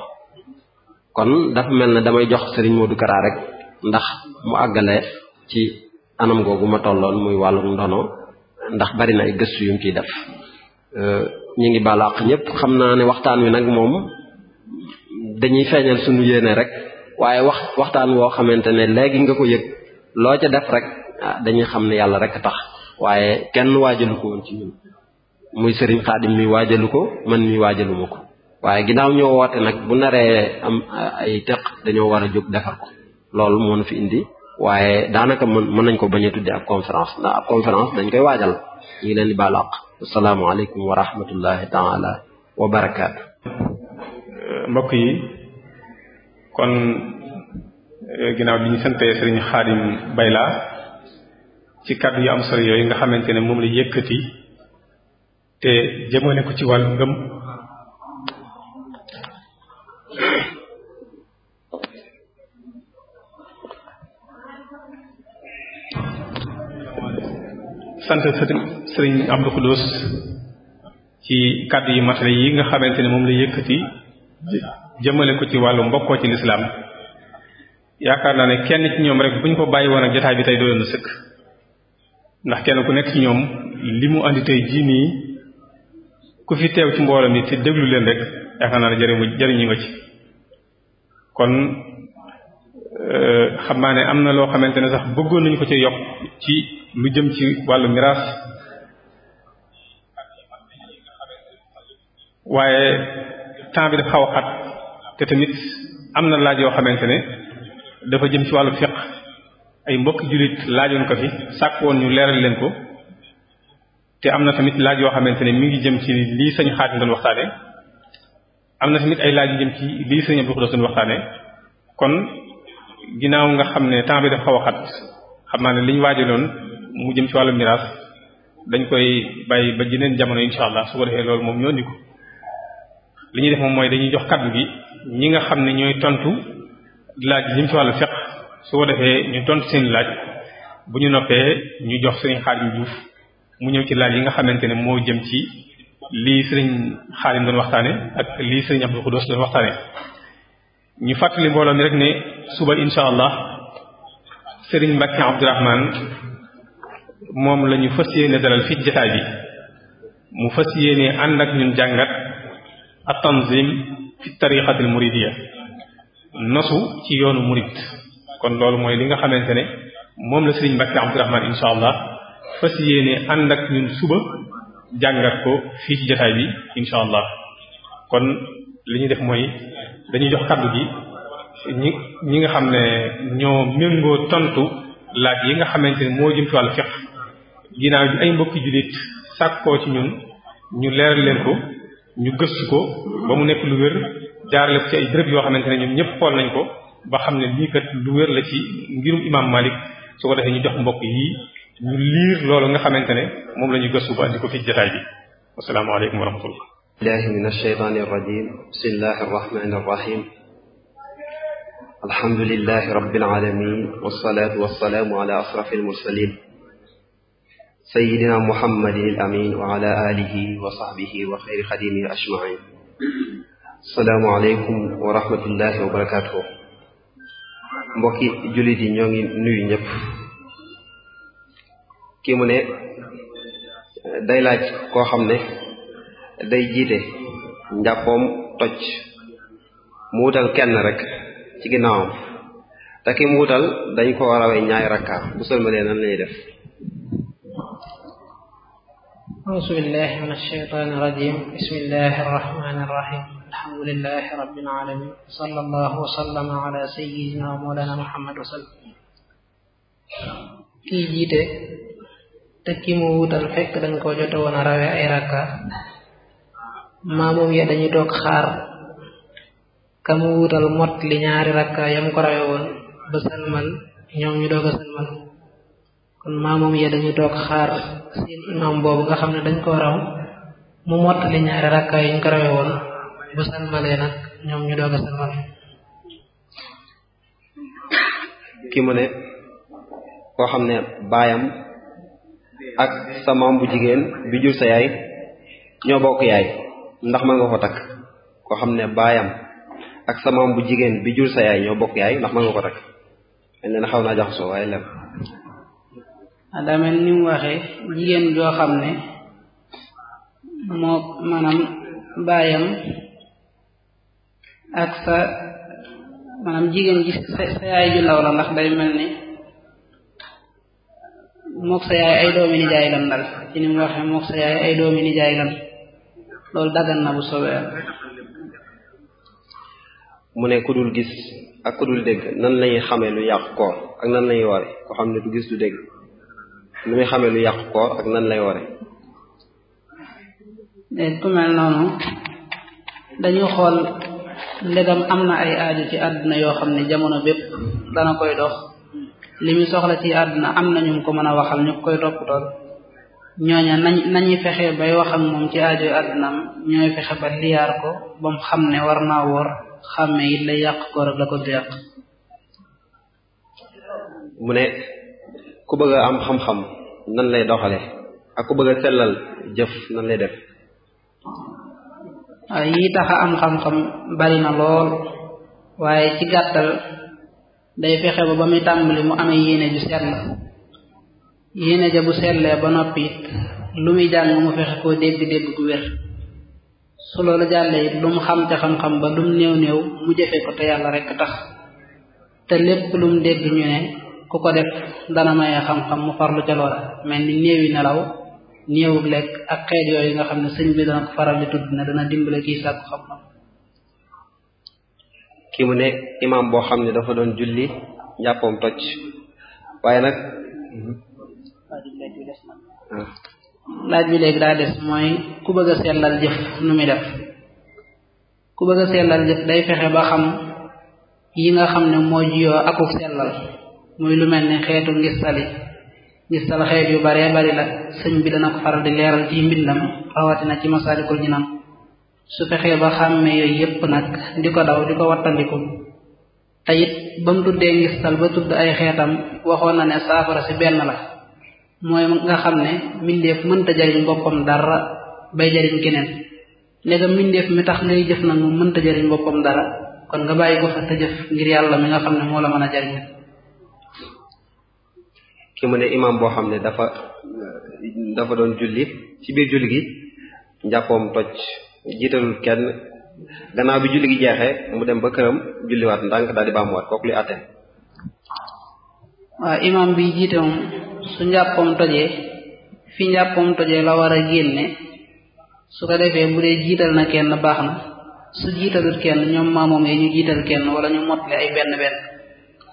kon dafa mel ne damay jox sëriñ Modou Kara rek ndax mu àggale ci anam googu ma tolloon muy wàllug ndono ndax bari na ay gëstu yu mu ciy def euh, ñu ngi balaax ñëpp xam naa ne waxtaan wi nag moom dañuy feeñal suñu yéene rek waaye wax waxtaan woo xamante ne léegi nga ko yëg loo ca def rek ah, dañuy xam ne yàlla rek tax waaye kenn waajalu ko woon ci ñun muy sëriñ xaadim mi waajalu ko man mi waajaluma ko waaye ginnaaw ñoo woote nag bu naree am ay teq dañoo war a jóg defar ko loolu moo nu fi indi waaye daanaka mën mën nañ ko bañ a tudde ab conférence ndax ab conférence dañ koy waajal ñu leen di baal àq asalaamaaleykum wa rahmatullahi taala wa barakaatu mbokk yi kon eh, ginaaw bi ñu santee sëriñ xaadim bayla ci kàddu yu am solo yi nga xamante ne moom la yëkkati te jëmale ko ci wàllu ngëm sant sëriñ Abdou Khoudous ci kàddu yu matale yi nga xamante ne moom la yëkkati jëmale ko ci wàllu mbokkoo ci lislaam yaakaar naa ne kenn ci ñoom rek bu ñu ko bàyyi woon ak jotaay bi tey doyoon sëkk ndax kenn ku nekk ci ñoom li mu andi tey jii nii ku fi teew ci mbooloo mi te déglu leen rek yaakaar naa ne jëriñu jëriñu nga ci kon euh, xam naa ne am na loo xamante ne sax bëggoon nañu ko ci yokk ci lu jëm ci wàllu miraas waaye temps bi daf xaw xat te tamit am na laaj yoo xamante ne dafa jëm ci wàllu fiq ay mbokk jullit laajoon ko fi sàkkoon ñu leeral leen ko te am na tamit laaj yoo xamante ne mi ngi jëm ci lii sañ xaatim doon waxtaane am na tamit ay laaj jëm ci lii sañ Abdou Khoudoss doon waxtaane kon ginnaaw nga xam ne temps bi dafa xaw a xam naa ne li ñu waajaloon mu jëm ci wàllu miraas dañ koy bàyyi ba jeneen jamono insha allah su ko defee loolu moom ñoo indi ko li ñuy def moom mooy dañuy jox kaddu gi ñi nga xam ne ñooy tontu laaj jëm ci wàllu fiqh su ko defee ñu tontu seen laaj bu ñu noppee ñu jox sëriñ Xaadim Juuf mu ñëw ci laaj yi nga xamante ne moo jëm ci lii sëriñ Xaadim doon waxtaane ak lii sëriñ Abdul Xudoos doon waxtaane ñu fàttali mbooloo mi rek ne suba insha sëriñ Mbàkke Abdurahmaan moom la ñu fas yéene dalal fii jataay bi mu fas yéene ànd ak ñun jàngat at tanzim fi tariqatil muridiyya nosu ci yoonu murid kon loolu mooy li nga xamante ne moom la Serigne Mbacké Abdourahmane insha allah fas yéene ànd ak ñun suba jàngat ko fii ci jotaay bi insha allah kon li ñu def mooy dañuy jox kàddu gi ñi ñi nga xam ne ñoo méngoo tontu laaj yi nga xamante ne moo jëm ci wàllu fiqh ay mbokki jullit sàkkoo ci ñun ñu leeral leen ko ñu gëstu ko ba mu nekk lu wér jaarale ci ay béréb yoo xamante ne ñun ñëpp xool nañ ko ba xam ne nii kat lu wér la ci ngirum imam Malik su ko defee ñu jox mbokk yi ñu liir loolu nga xamante ne moom la ñu gëstu ba andi ko fi jotaay bi asalaamaaleykum wa rahmatullah billahi min alsheytaan arrajim bismillahi arrahmani arrahim alhamdulilahi rabbil alamin wasalaatu wasalaamu ala asrafil mursalin sayidina muhammadin al amin wa ala alihi wa sahbihi wa xayri xadimi ajmain asalaamu aleykum wa wa barakatuhu mbokki jullit yi ñoo ngi nuyu ñëpp kii mu ne day laaj koo xam ne day jiite njàppoom toj mu wutal kenn rek ci ginnaawam te ki mu wutal dañ ko war a way ñaari rakka bu sëlmalee nan lañuy def أعوذ بالله من الشيطان الرجيم بسم الله الرحمن الرحيم الحمد لله رب العالمين صلى الله وسلم على سيدنا ومولانا محمد وسلم kii jiite te ki mu wutal fekk dañ ko jote woon a rawe ay rakka maamum ya dañu toog xaar ka mu wutal mot li ñaari rakka yam ko rawe woon ñoom ñu doog a salmal kon maamoom yee dañu toog xaar seen imam boobu nga xam ne dañ ko raw mu mottali ñaari rakkaay yi ñu ko rawe woon bu salmalee nag ñoom ñu doog a salmal ki mu ne koo xam ne baayam ak sa maam bu jigéen bi jur sa yaay ñoo bokk yaay ndax mën nga ko takk koo xam ne baayam ak sa maam bu jigéen bi jur sa yaay ñoo bokk yaay ndax mën nga ko takk dañ leen xaw naa jaxasoo waaye lem damel ni mu waxee jigéen joo xam ne moo maanaam baayam ak sa maanaam jigéen ji sa yaay ju ndaw la ndax day mel ni mook sa yaay ay doomi nijaay lan dal ci ni mu waxee mook sa yaay ay doomi nijaay lan loolu dagan bu soobee mu ne ku dul gis ak ku dul dégg nan lañuy xamee lu yàqu koor ak nan lañuy ware ko xam ne du gis du dégg nu muy xamee lu yàq koor ak nan lay ware déet eh, ku mel noonu dañuy xool ndegam am na ay ajo ci àddina yoo xam ne jamono bépp dana koy dox li mu soxla ci àdduna am na ñu ko mën a waxal ñu koy toppatool ñooña nañ nañuy fexe bay wax ak moom ci aajo àddunaam ñooy fexe ba liyaar ko ba xam ne war naa woor xàmme it lay yàq koor ak la ko du yàq mu ne ku bëgg a am xam-xam nan lay doxale ak ku bëgg a sellal jëf nan lay def waaw yi am xam-xam bari na lool waaye ci gàttal day fexe ba ba muy tàmbali mu amee yéene ju sell yéene ja bu sellee ba noppi lu muy jàng mu fexe koo dégg-dégg gu wér su loolu jàllee it lu mu xam ca xam-xam ba lu mu néew néew mu jëfe ko te yàlla rekk tax te lépp lu mu dégg ñu ne ku ko def dana maye xam-xam mu farlu ca loola ni néewi nelaw néewug lekk ak xeet yooyu nga xam ne sëñ bi dana ko faral di tudd ne dana dimbale kii sàkku xam-xam kii mu ne imaam boo xam ne dafa doon julli njàppoom toj waaye nag laaj bi léegi daa des mooy ku bëgg a sellal jëf nu muy def ku bëgg sellal jëf day fexe ba xam yi nga xam ne moo ak akuk sellal muy lu mel ni xeetu ngistali ngistal xeet yu baree bari la sëñ bi dana ko faral di leeral ci mbindam rawatina ci masaalikul jinaan su fexee ba xàmme yooyu yépp nag di ko daw di ko wattandiku te it ba mu tuddee ngistal ba tudd ay xeetam waxoon na ne saafara si benn la mooy nga xam ne mbindeef mënta jariñ boppam dara bay jariñ keneen léegi mbindeef mi tax ngay jëf nag mu mënta jariñ boppam dara kon nga bàyyi ko fa te jëf ngir yàlla mi nga xam ne moo la mën a jariñ ci mu ne imam boo xam ne dafa dafa doon julli ci biir julli gi njàppoom toj jiitalul kenn gannaaw bi julli gi jeexee mu dem ba këram julliwaat ndànk daal di baamuwaat kooku luy àtteem waaw imam bi jiite moom su njàppoom tojee fi njàppoom tojee la war a génne su ko defee bu dee jiital na kenn baax na su jiitalul kenn ñoom maamoom yi ñu jiital kenn wala ñu mottali ay benn benn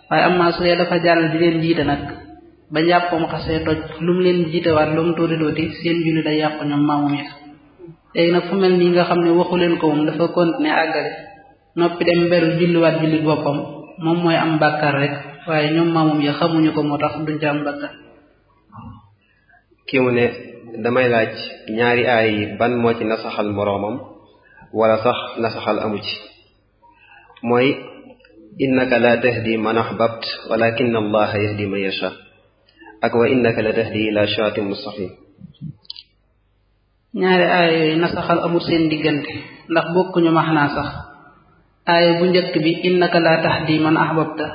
waaye am naa su dee dafa jàll di leen jiite nag ba jàppam xasee toj lu leen jiitewaat lu mu tuuti tuuti seen julli day yàqu ñoom maamum it léegi nag fu mel nii nga xam ne waxu leen ko moom dafa continuer àggale noppi dem beru julliwaat julli boppam moom mooy am bàkkaar rek waaye ñoom maamum ya xamuñu ko moo tax duñ ci am bàkkaar kii mu ne damay laaj ñaari aay yi ban moo ci nasaxal moroomam wala sax nasaxal amu ci mooy innaka la tahdi man ahbabt walakin allaha yahdi man yasha ak wa innaka la tahdi ila siraatin mustaqim ñaari aaya yooyu nasaxal amul seen diggante ndax bokkuñu maxnaa sax aaya bu njëkk bi innaka la tahdi man ahbabta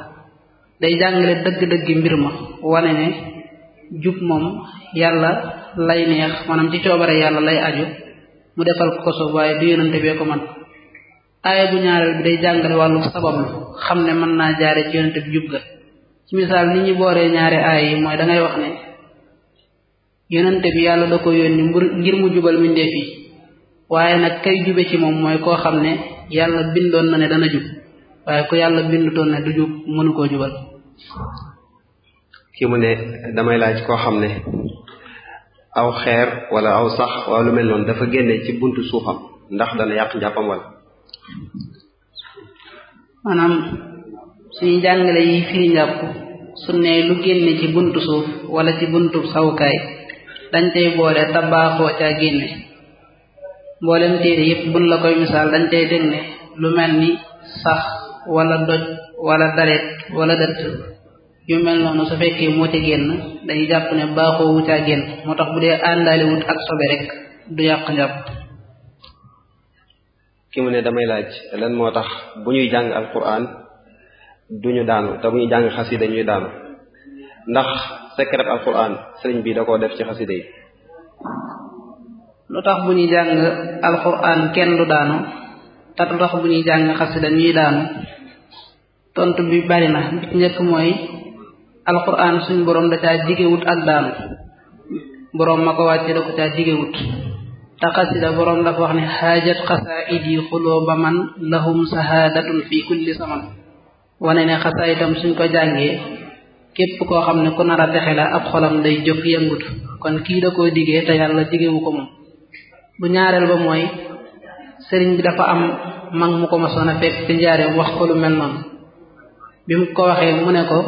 day jàngale dëgg-dëgg mbir ma wane ne jub moom yàlla lay neex maanaam ci coobare yàlla lay aju mu defal ko soob waaye du yonante bee ko man aaya bu ñaareel bi day jàngale wàllu sabablu xam ne mën naa jaare ci yonante bi jub ga ci misaal nit ñi booree ñaari aay yi mooy da wax ne yonente bi yàlla da ko yónni ngir mu jubal mbindeef yi waaye nag kay jube ci moom mooy koo xam ne yàlla bindoon na ne dana jub waaye yàlla bindutoon ne du jub mënu koo jubal kii mu ne damay laaj koo xam ne aw xeer wala aw sax wala lu mel noonu dafa génne ci buntu suufam ndax dana yàq njàppam wala maanaam suñu jàngale yi firi njàpp sunne lu génne ci buntu suuf wala ci buntu sawukaay dañ tey boole tabaaxoo ca génne mboolem téere yépp buñ la koy misaal dañ tey dégg ne lu mel ni sax wala doj wala daret wala dëtt yu mel noonu su fekkee moo ci génn dañuy jàpp ne baaxoo wu caa génn moo tax bu dee àndaale wut ak sobe rek du yàq njàpp ki mu ne damay laaj lan moo tax bu ñuy jàng alquran duñu daanu te bu ñu jàng xasida ñuy daanu ndax secret alquran sëriñ bi da koo def ci xasida yi lu tax bu ñuy jàng alquran kenn du daanu te lu tax bu ñuy jàng xasida ñuy daanu tontu bi bari na bi njëkk mooy alquran suñ boroom da caa jigéwut ak daanu boroom ma ko wàcce da ko caa jigéwut te xasida boroom dafa wax ni xaajat xasaa idi xuloo ba man lahum sahadatun fi kulli saman wane ne xasaa itam suñ ko jàngee képp koo xam ne ku nar a texe la ab xolam day jóg yëngutu kon kii da koo digee te yàlla digewu ko moom bu ñaareel ba mooy sëriñ bi dafa am mag mu ko mosoon a fekk ci njaareem wax ko lu mel noonu bi mu ko waxee mu ne ko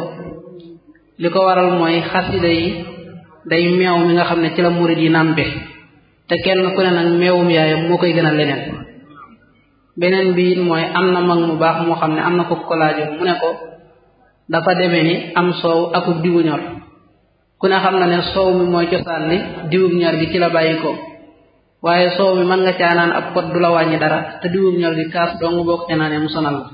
li ko waral mooy xasida yi day meew mi nga xam ne ci la murid yi nambe te kenn ku ne nag meewum yaay moo koy gën a leneen beneen bi it mooy am na mag mu baax moo xam ne am na ko ko laajoon mu ne ko dafa deme ni am soow akub diwu ñor ku ne xam na ne soow mi mooy cosaan li diwub ñor gi ci la bàyyi ko waaye soow mi mën nga caanaan ab pot du la wàññi dara te diwub ñor gi kaas dong boo ko ca naanee mu sonal la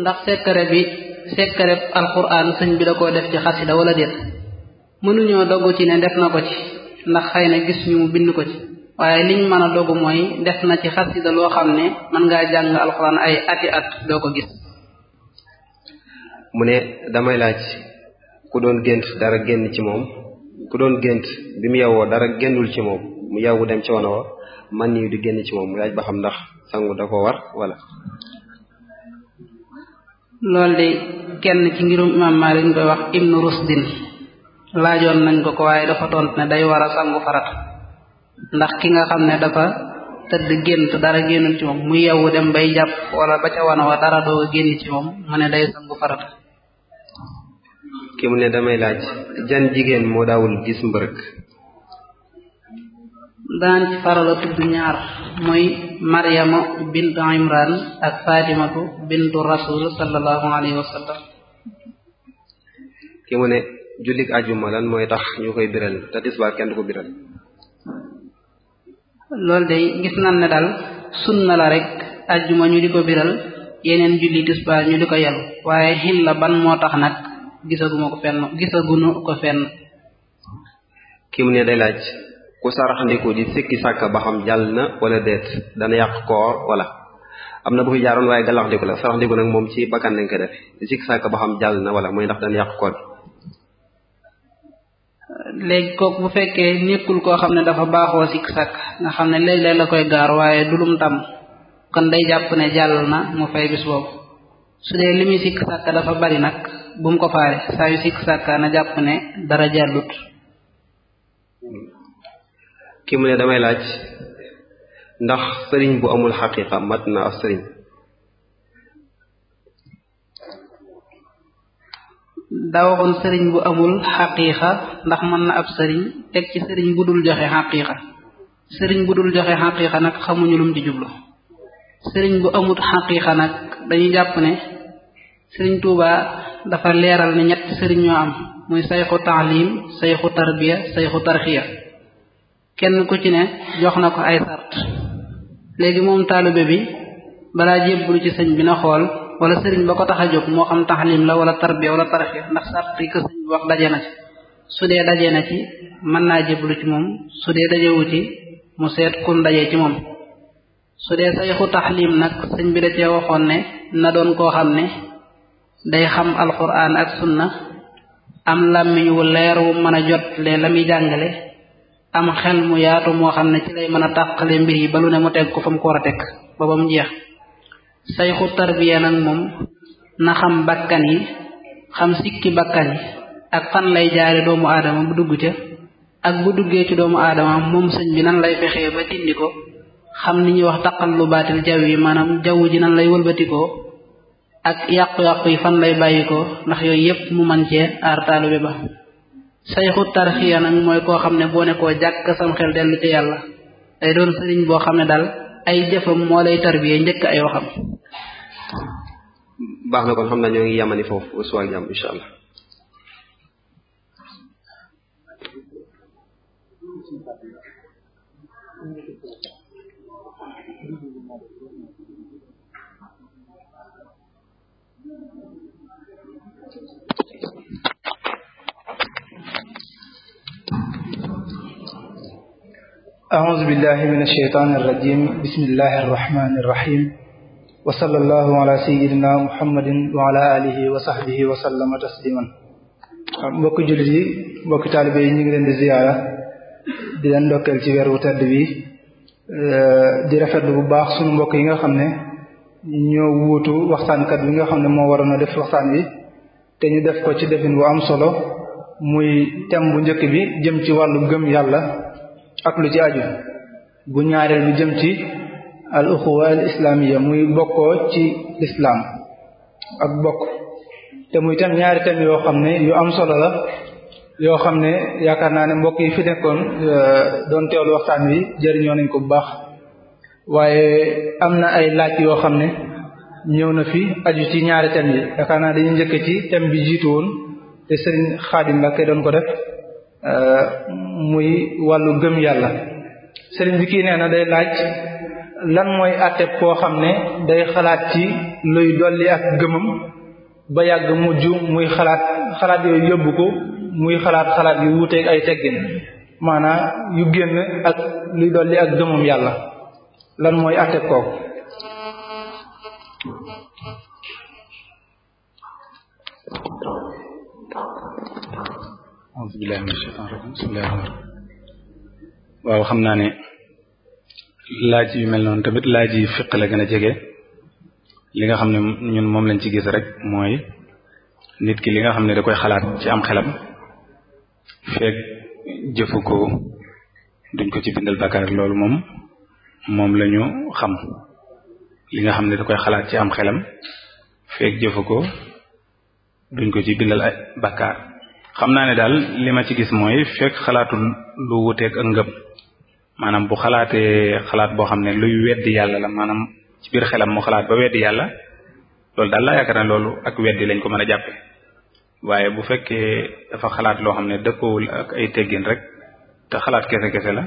ndax sekkare bi sekkare alquran sëñ bi da koo def ci xasida wala déet mënuñoo doggu ci ne def na ko ci ndax xëy na gis ñu mu bind ko ci waaye liñ mën a dogu mooy des na ci xasida loo xam ne mën ngaa jàng alxuraan ay ati at doo ko gis mu ne damay laaj ku doon gént dara génn ci moom ku doon gént bi mu yewwoo dara génnul ci moom mu yewwu dem ci wono wa man nii du génn ci moom mu laaj ba xam ndax sangu da ko war wala loolu de kenn ci ngirum imam Maalik ñu koy wax ibnu rusdin laajoon nañ ko ko waaye dafa tont ne day war a sangu farata ndax ki nga xam ne dafa tëdd gént dara génnul ci moom mu yewwu dem bay jàpp wala ba ca wan wa dara doo génn ci moom mu ne day sangu farata ki mu ne damay laaj jan jigéen moo daawul gis tudd ñaar mooy maryama bintu imran ak fatimatu bintu rasul sallallahu alayhi wa sallam ki mu ne jullik ajuma lan mooy tax ñu koy biral te tisbaar kenn ko biral loolu de gis nan ne daal na la rek ajjuma ñu di ko biral yeneen julli tisbaar ñu di ko yelu waaye xil la ban moo tax nag gisaguma ko fenn gisagunu ko fenn mu ne day laaj ku saraxndiku di sikki sàkk ba xam jàll na wala déet dana yàq koor wala am na bu fi jaaroon waaye gàllaxndiku la saraxndiku nag moom ci bakkan lañ def di sikki sàkk ba xam jàll na wala mooy ndax dana yàq koor léegi kooku bu fekkee nekkul koo xam ne dafa baaxoo sikk sàkk nga xam ne léeg-léeg la koy gaar waaye du lum tam kon day jàpp ne jàll na mu fay bis boobu su dee li sikk sàkk dafa bari nag bu mu ko faale saa sikk sàkk na jàpp ne dara jàllut ki mu ne damay laaj ndax sëriñ bu amul xaqiqa mat na ab sëriñ daa waxoon sëriñ bu amul xaqiiqa ndax mën na ab sëriñ teg ci sëriñ bu dul joxe xaqiiqa sëriñ bu dul joxe xaqiiqa nag xamuñu lum ci jublu sëriñ bu amul xaqiiqa nag dañuy jàpp ne sëriñ Tuuba dafa leeral ne ñett sëriñ ñoo am muy sayxu taalim sayxu tarbiya sayxu tarxiya kenn ku ci ne jox na ko ay sart léegi moom taalibe bi balaa jébbalu ci sëñ bi na xool wala sëriñ ba ko tax a jóg moo xam taxalim la wala tarbiya wala taraxiya ndax sàrt yi ko sëriñ bi wax daje na ci su dee daje na ci mën naa jéblu ci moom su dee dajewu ci mu seet kun daje ci moom su dee sayxu taxlim nag sëñ bi da cee waxoon ne na doon koo xam ne day xam alquran ak sunna am làmmiñ wu leer wu mën a jot lee la muy jàngale am xel mu yaatu moo xam ne ci lay mën a tàqale mbir yi ba lu ne mu teg ko fa mu ko a teg ba mu jeex sayxu tarbiya nag moom na xam bakkan yi xam sikki bakkan yi ak fan lay jaare doomu aadama bu dugg ca ak bu duggee ci doomu aadama moom sëñ bi nan lay fexee ba dindi ko xam ni ñuy wax taqallubaatil jaww yi maanaam jaww ji nan lay wëlbatikoo ak yàqu-yàqu yi fan lay bàyyi ko ndax yooyu yépp mu man cee aar taalibe ba sayxu tarxiya nag mooy koo xam ne boo ne koo jàkk sam xel dellu ci yàlla day doon sëriñ boo xam ne daal ay jëfam moo lay tarbiya njëkk ay waxam baax na kon xam naa ñoo ngi yamani foofu suwaak jàmm incha أعوذ بالله من الشيطان الرجيم بسم الله الرحمن الرحيم وصلى الله على سيدنا محمد وعلى آله وصحبه وسلم تسليما mbokki jullit yi mbokki taalibe yi ñu ngi leen di ziyaara di leen ndokkeel ci weer wu tedd bi di rafetlu bu baax suñu mbokk yi nga xam ne ñoo wuutu waxtaankat bi nga xam ne moo waroon a def waxtaan wi te ñu def ko ci defin bu am solo muy thème bu njëkk bi jëm ci wàllu gëm yàlla ak lu ci aju bu ñaareel lu jëm ci al uxuwa al islamiya muy bokkoo ci lislaam ak bokk te muy tam ñaari tam yoo xam ne yu am solo la yoo xam ne yaakaar naa ne mbokk yi fi nekkoon euh, doon teewlu waxtaan wi jëriñoo nañ ko bu baax waaye am na ay laaj yoo xam ne ñëw na fi aju ci ñaari thèmes yi yaakaar naa dañu njëkk ci thème bi jiitu woon te Serigne Khadim Mbacké doon ko def Euh, muy wàllu gëm yàlla sëriñ bi kii nee na day laaj lan mooy àtteeb koo xam ne day xalaat ci luy dolli ak gëmam ba yàgg mujj muy xalaat xalaat yooyu yóbbu ko muy xalaat xalaat yu wuuteeg ay teggin maanaa yu génn ak luy dolli ak gëmam yàlla lan mooy àtteeb kooku billahi min waaw xam naa ne laaj yu mel noonu tamit laaj yi fiq la gën a jege li nga xam ne ñun moom lañ ci gis rek mooy nit ki li nga xam ne da koy xalaat ci am xelam fekk jëfu ko duñ ko ci bindal bàkkaar loolu moom moom lañu xam li nga xam ne da koy xalaat ci am xelam fekk jëfu ko duñ ko ci bindal ay bàkkaar xam naa ne daal li ma ci gis mooy fekk xalaatu lu wuteeg ak ngëm maanaam bu xalaatee xalaat boo xam ne luy weddi yàlla la maanaam ci biir xelam mo xalaat ba weddi yàlla loolu daal laa yaakaar ne loolu ak weddi lañ ko mën a jàppe waaye bu fekkee dafa xalaat loo xam ne dëppoowul ay teggin rek te xalaat kese kese la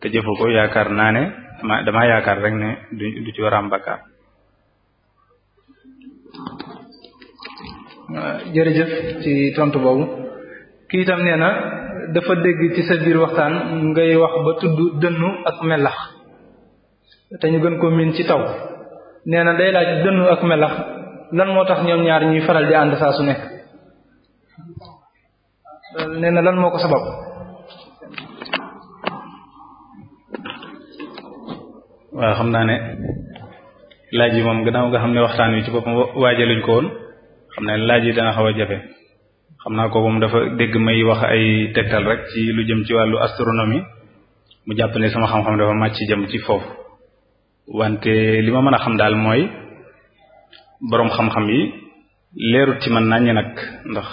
te yaakaar naa ne dama damaa yaakaar rek ne du ci war a am bakkaar ci tontu boobu kii itam nee na dafa dégg ci sa biir waxtaan ngay wax ba tudd dënnu ak melax dañu gën ko miin ci taw nee na day laaj dënnu ak melax lan moo tax ñoom ñaar ñuy faral di ànd saa su ne nee na lan moo ko sabab waaw xam naa ne laaj yi moom gannaaw nga xam ne waxtaan wi ci boppam waajaluñ ko woon xam naa ne laaj yi dana xaw a jafe xam naa ko moom dafa dégg may wax ay tegtal rek ci lu jëm ci wàllu astronomie mu jàpp ne sama xam-xam dafa màcc jëm ci foofu wante li ma mën a xam daal mooy boroom xam-xam yi leerut ci man naññ nag ndax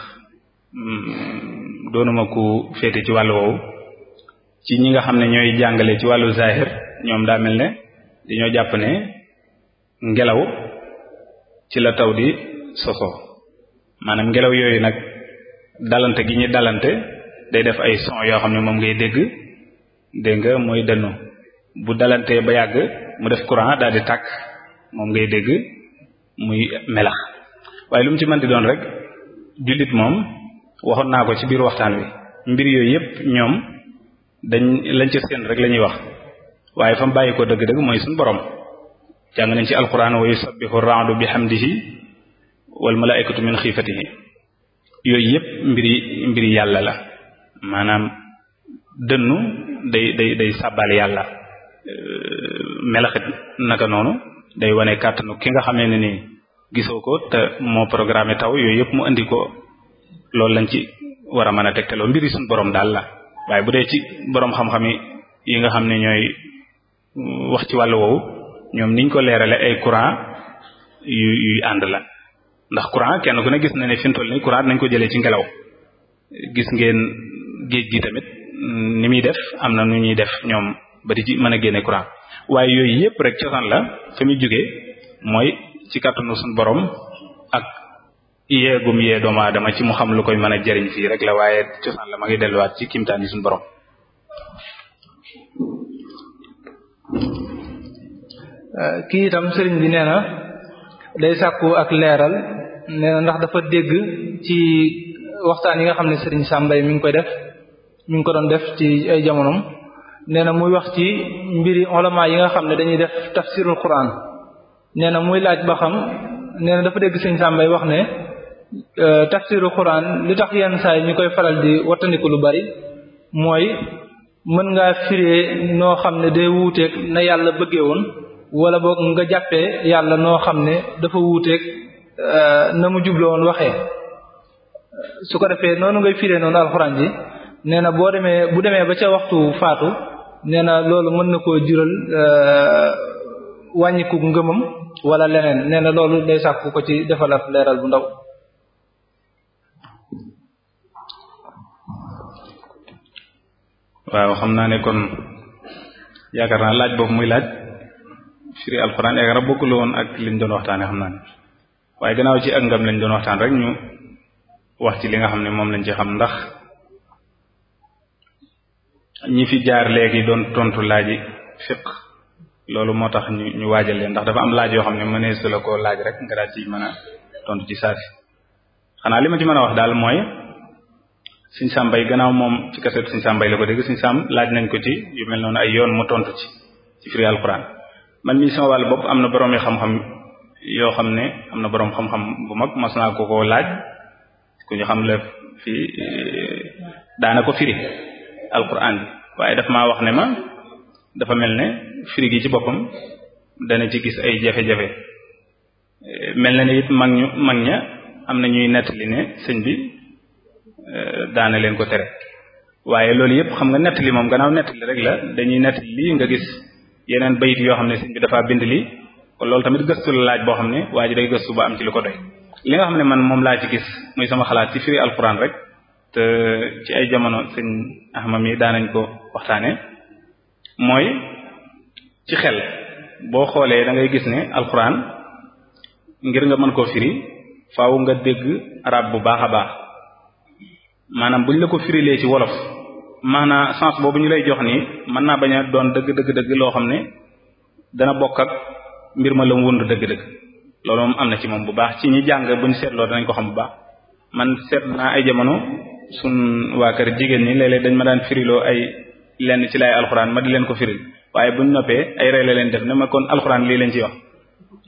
mm, doonuma ku féete ci wàllu woowu ci ñi nga xam ne ñooy jàngale ci wàllu zahir ñoom daa mel ne dañoo jàpp ne ngelaw ci la taw di soso maanaam ngelaw yooyu nag dalante gi ñuy dalante day def ay son yoo xam ne moom ngay dégg dégg nga mooy dënnu bu dalantee ba yàgg mu def courant daal di tàkk moom ngay dégg muy melax waaye lu mu ci mën di doon rek jullit moom waxoon naa ko ci biir waxtaan wi mbir yooyu yépp ñoom dañ lañ ca seen rek la ñuy wax waaye fa mu bàyyi ko dëgg-dëgg mooy suñu borom jàng nañ ci alquran wa yusabbihu ar-ra'du bihamdihi wal malaa'ikatu min xiifatihi yooyu yëpp mbiri mbiri yàlla la maanaam dënnu day day day sàbbal yàlla melaxit naka noonu day wane kàttanu ki nga xamee ni nii gisoo ko te moo programme taw yooyu yëpp mu indi ko loolu lañ ci war a mën a tegtaloo mbiri suñ borom daal la waaye bu dee ci boroom xam-xam yi nga xam ne ñooy wax ci wàllu woowu ñoom niñ ko leerale ay courant yu yuy ànd la ndax courant kenn ku ne gis na ne fi mu toll nii courant nañ ko jëlee ci ngelaw gis ngeen géej gi tamit ni muy def am na nu ñuy def ñoom ba di ci mën a génne courant waaye yooyu yépp rek cosaan la fa muy jógee mooy ci kàttanu suñu boroom ak yeegum yee doomu aadama ci mu xam lu koy mën a jariñ fii rek la waaye cosaan la ma ngi delluwaat ci kimtaan yi suñu borom kii itam sëriñ bi nee day sàkku ak leeral nee na ndax dafa dégg ci waxtaan yi nga xam ne Serigne yi mi ngi koy def mu ngi ko doon def ci ay jamonom nee na muy wax ci mbiri ulama yi nga xam ne dañuy def tafsirul Quran nee na muy laaj ba xam nee na dafa dégg Serigne yi wax ne euh, tafsirul Quran li tax yenn saa yi ñu koy faral di wattandiku lu bari mooy mën ngaa firee noo xam ne day wuuteeg na yàlla bëggee woon wala boog nga jàppee yàlla noo xam ne dafa wuuteeg na mu juble woon waxee su ko defee noonu ngay firee noonu alxuraan ji nee na boo demee bu demee ba ca waxtu faatu nee na loolu mën na koo jural e, wàññiku ngëmam wala leneen nee na loolu day sàkku ko ci defal ab leeral bu ndaw waaw xam naa ne kon yaakaar naa laaj boobu muy laaj firi alxuraan yaakaar naa bokkul woon ak liñ doon waxtaane xam naa ne waaye gannaaw ci ak ngam lañ doon waxtaan rek ñu wax ci li nga xam ne moom lañ ci xam ndax ñi fi jaar léegi doon tontu laaji fiq loolu moo tax ñu ñu waajal leen ndax dafa am laaj yoo xam ne mënees la ko laaj rek nga daal ci mën a tontu ci saasi xanaa li ma ci mën a wax daal mooy Sëriñ Sam Mbaye gannaaw moom ci kaseetu Sëriñ Sam Mbaye la ko dégg Sëriñ Sam laaj nañ ko ci yu mel noonu ay yoon mu tontu ci ci firi alxuraan man mii sama wàllu bopp am na borom yi xam-xam yoo xam ne am na boroom xam-xam bu mag mas naa ko koo laaj ku ñu xam la fii eh, daana ko firi alquran bi waaye daf ma wax ne ma dafa mel ne firi yi ci boppam dana ci gis ay jafe-jafe eh, mel na ne it mag ñu mag ña am na ñuy li ne sëñ bi eh, daana leen ko tere waaye loolu yëpp xam nga nett nettali moom gannaaw nettali rek la dañuy nettali lii nga gis yeneen bayit yoo xam ne sëñ bi dafa bind lii kon loolu tamit gëstu la laaj boo xam ne waa ji day gëstu ba am ci li ko doy li nga xam ne man moom laa ci gis muy sama xalaat ci firi alquran rek te ci ay jamono sëñ ahmam yi daanañ ko waxtaane mooy ci xel boo xoolee da ngay gis ne alquran ngir nga mën koo firi faaw nga dégg arab bu baax a baax maanaam buñ la ko firilee ci wolof maanaam sens boobu ñu lay jox nii mën naa bañ a doon dëgg dëgg dëgg loo xam ne dana bokk ak mbir ma la mu wund dëgg-dëgg loolu moom am na ci moom bu baax ci ñi jàng buñ seetloo danañ ko xam bu baax man seet naa ay jamono suñ waa kër jigéen ñi léeg-léeg dañ ma daan firiloo ay lenn ci laay alxuraan ma di leen ko firil waaye buñ noppee ay rey la leen def ne ma kon alxuraan lii leen ci wax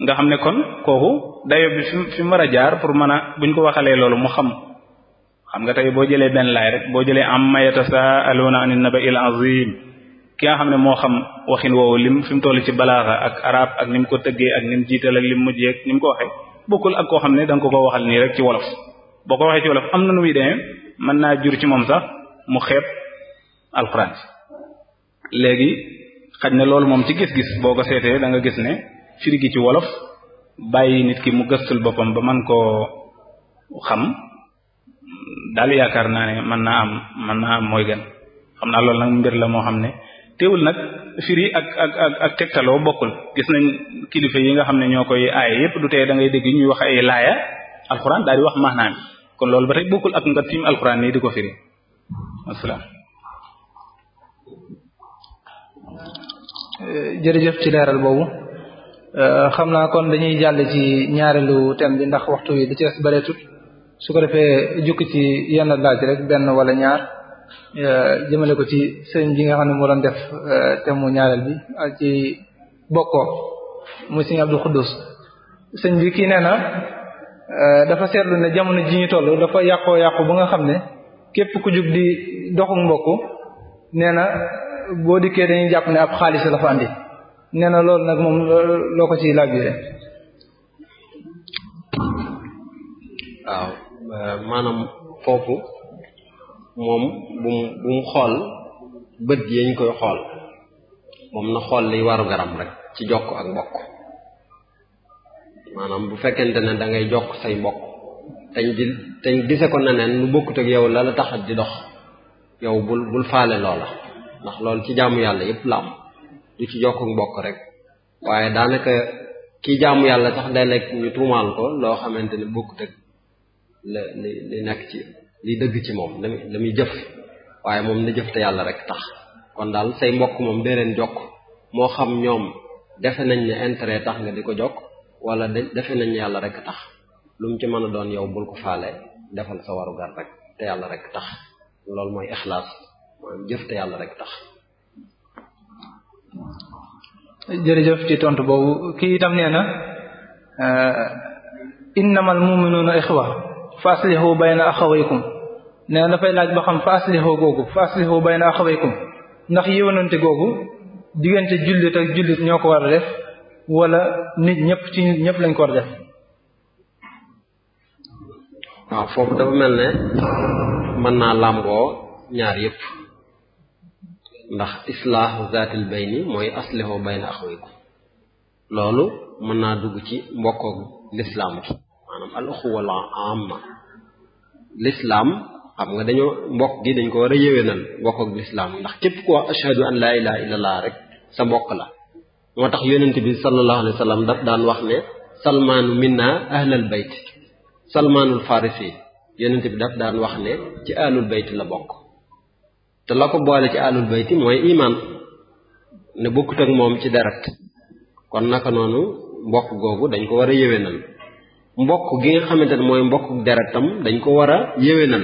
nga xam ne kon kooku dayo bi fi fi mu war a jaar pour mën a buñ ko waxalee loolu mu xam xam nga tey boo jëlee benn laay rek boo jëlee am mayata sa aluna anin naba il azim ki nga xam ne moo xam waxin woowu lim fi mu toll ci balaaxa ak arab ak ni mu ko tëggee ak ni mu jiital ak lim mujjee ak ni mu ko waxee bokkul ak koo xam ne da ko ko waxal nii rek ci wolof boo ko waxee ci wolof na muy demee mën naa jur ci moom sax mu xeeb alxuraan léegi xaj na loolu moom ci gis-gis boo ko seetee da gis ne firi gi ci wolof bàyyi nit ki mu gëstul boppam ba man koo xam daal yaakaar naa ne mën naa am mën naa am mooy gën xam naa lool nag mbir la moo xam ne teewul nag firi ak ak ak tegtaloo bokkul gis na kilifa yi nga xam ne ñoo koy aaye yépp du tee da ngay dégg ñuy wax ay laaya alxuraan daal di wax maanaam kon loolu ba tey bokkul ak nga fi alxuraan nii di ko firi wasalaam. Eh, jërëjëf ci leeral boobu eh, xam naa kon dañuy jàll ci ñaareelu thème bi ndax waxtu wi li ci des bareetut su ko defee jukki ci yenn laaj rek benn walla ñaar. Eh, jëmale ko ci sëñ bi nga xam ne moo doon def eh, te mu ñaareel bi ak ci bokkoo muy sëriñ Abdou Khoudous sëriñ bi kii nee na eh, dafa seetlu ne jamono ji ñu toll dafa yàqoo yàqu ba nga xam ne képp ku jug di doxu mbokk nee na boo dikkee dañuy jàpp ne ab xaalis la fa andi nee na loolu nag moom loo ko ci labiré waaw maanaam foofu moom bu mu bu xool bët yañ koy xool moom na xool liy waru garam rek ci jokk ak mbokk maanaam bu fekkente ne dangay ngay jokk say mbokk tañ di tañ gise ko neneen lu bokkuteek ak yow la la tax di dox yow bul bul faale loola ndax loolu ci jàmm yàlla yépp la am du ci jokk mbokk rek waaye daanaka kii jàmm yàlla tax day lekk ñu tuumaal ko loo xamante ni bokkut ak li li nekk ci li dëgg ci moom la jëf waaye moom na jëf te yàlla rek tax kon daal say mbokk moom dee leen moo xam ñoom defe nañ ne intérêt tax nga di ko jokk wala defe nañ yàlla rek tax lu ci mën a doon yow bul ko faale defal sa warugar rek yàlla rek tax loolu mooy ixlaas mooy jëf te yàlla rek tax. jërëjëf ci tontu boobu kii itam nee na innamal mu'minuuna ixwa fa aslihu na axawaykum nee na dafay laaj ba xam fa aslihu googu fa aslihu bayna axawaykum ndax yéwénante googu diggante jullit ak jullit ñoo ko war a def wala nit ñëpp ci nit ñëpp lañ ko war a def. waaw foofu dafa mel ne mën naa làmboo ñaar yëpp ndax islaahu zaatil bayni mooy aslihu bayna axawaykum loolu mën naa dugg ci mbokkoog lislaam gi maanaam al uxuwa al amma l'islam xam nga dañoo mbokk gi dañ ko war a yéwénal mbokk ak l'islam ndax képp ko wax ashhadu an laa ilaha illallah rek sa mbokk la moo tax yonent bi sallallahu alayhi wa sallam daf daan wax ne salmaanu minna ahlal bayt salmaanul farisi yonent bi daf daan wax ne ci ahlul bayt la bokk te la ko boole ci ahlul bayt mooy iman ne bokkut ak moom ci deret kon naka noonu mbokk googu dañ ko war a yéwe yéwénal mbokk gi nga xamante ne mooy mbokk tam dañ ko war a yéwénal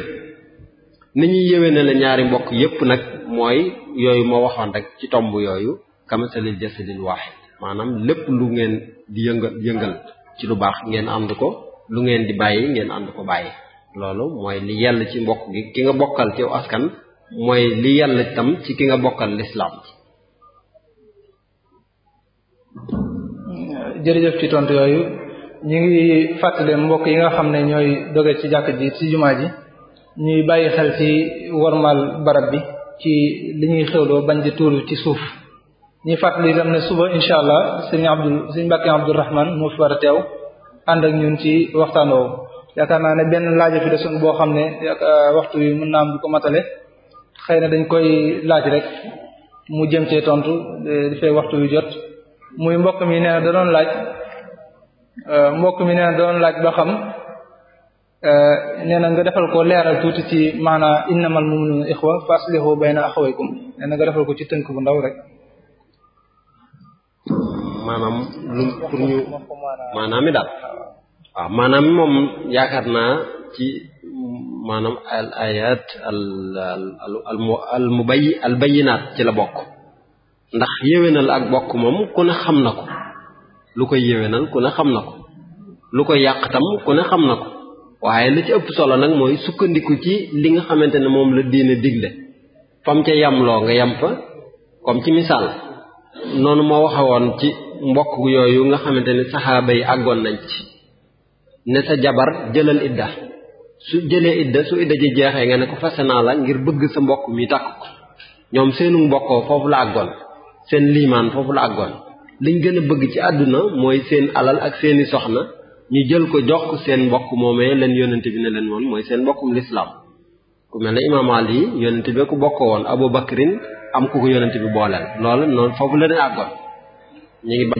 ni ñuy yéwénale ñaari mbokk yépp nag mooy yooyu moo waxoon rek ci tomb yooyu kamasalil jasadil waahid maanaam lépp lu ngeen di yëngal yëngal ci lu baax ngeen ànd ko lu ngeen di bàyyi ngeen ànd ko bàyyi loolu mooy li yell ci mbokk gi ki nga bokkal ci askan mooy li yàlla tam ci ki nga bokkal lislaam jërëjëf ci tontu yooyu ñu ngi fàttali mbokk yi nga xam ne ñooy doge ci jàkk ji ci jumaa ji ñuy bàyyi xel ci wormaal barab bi ci li ñuy xewloo bañ di tuuru ci suuf ñuy fàttali itam ne suba incha allah sëñ Abdou sëñ Mbàkke Abdourahman moo fi war a teew ànd ak ñun ci waxtaan yaakaar naa ne benn laaj fi desoon boo xam ne waxtu wi mun naa am du ko matale xëy na dañ koy laaj rek mu jëm cee tontu dafay waxtu wi jot muy mbokk mi nee na da doon laaj. Euh, mbokk mi nee na doon laaj ba xam euh, nee na nga defal ko leeral tuuti ci maanaam innamal mu'minuna ikhwa faslihu bayna akhawaykum nee na nga ko ci tënk bu ndaw rek maanaam lu pour ñu maanaam ah, moom yaakaar naa ci maanaam al ayat al al al mubayyi al bayyinaat ci la bokk ndax yéwénal ak bokk moom ku ne xam na ko lu koy yéwénal ku ne xam na ko lu ko yàq tam ku ne xam na ko waaye li ci ëpp solo nag mooy sukkandiku ci li nga xamante ne moom la diine digle fam ca yamloo nga yam fa comme ci misaal noonu moo waxewoon ci mbokk yooyu nga xamante ne saxaaba yi àggoon nañ ci ne sa jabar jëlal idda su jële idda su idda ji jeexee nga ne ko fase naa la ngir bëgg sa mbokk mi takk ko ñoom seenu mbokkoo foofu la àggoon seen liimaan foofu la ak àggoon liñ gën a bëgg ci àdduna mooy seen alal ak seeni soxna ñu jël ko jox seen mbokk moomee leen yonent bi ne leen woon mooy seen mbokkum lislaam ku mel ne imaam Ali yonent bi ku bokkoo woon Abu Bakrin am ku ko yonent bi booleel loolu noonu foofu la ne àggoon ñu ngi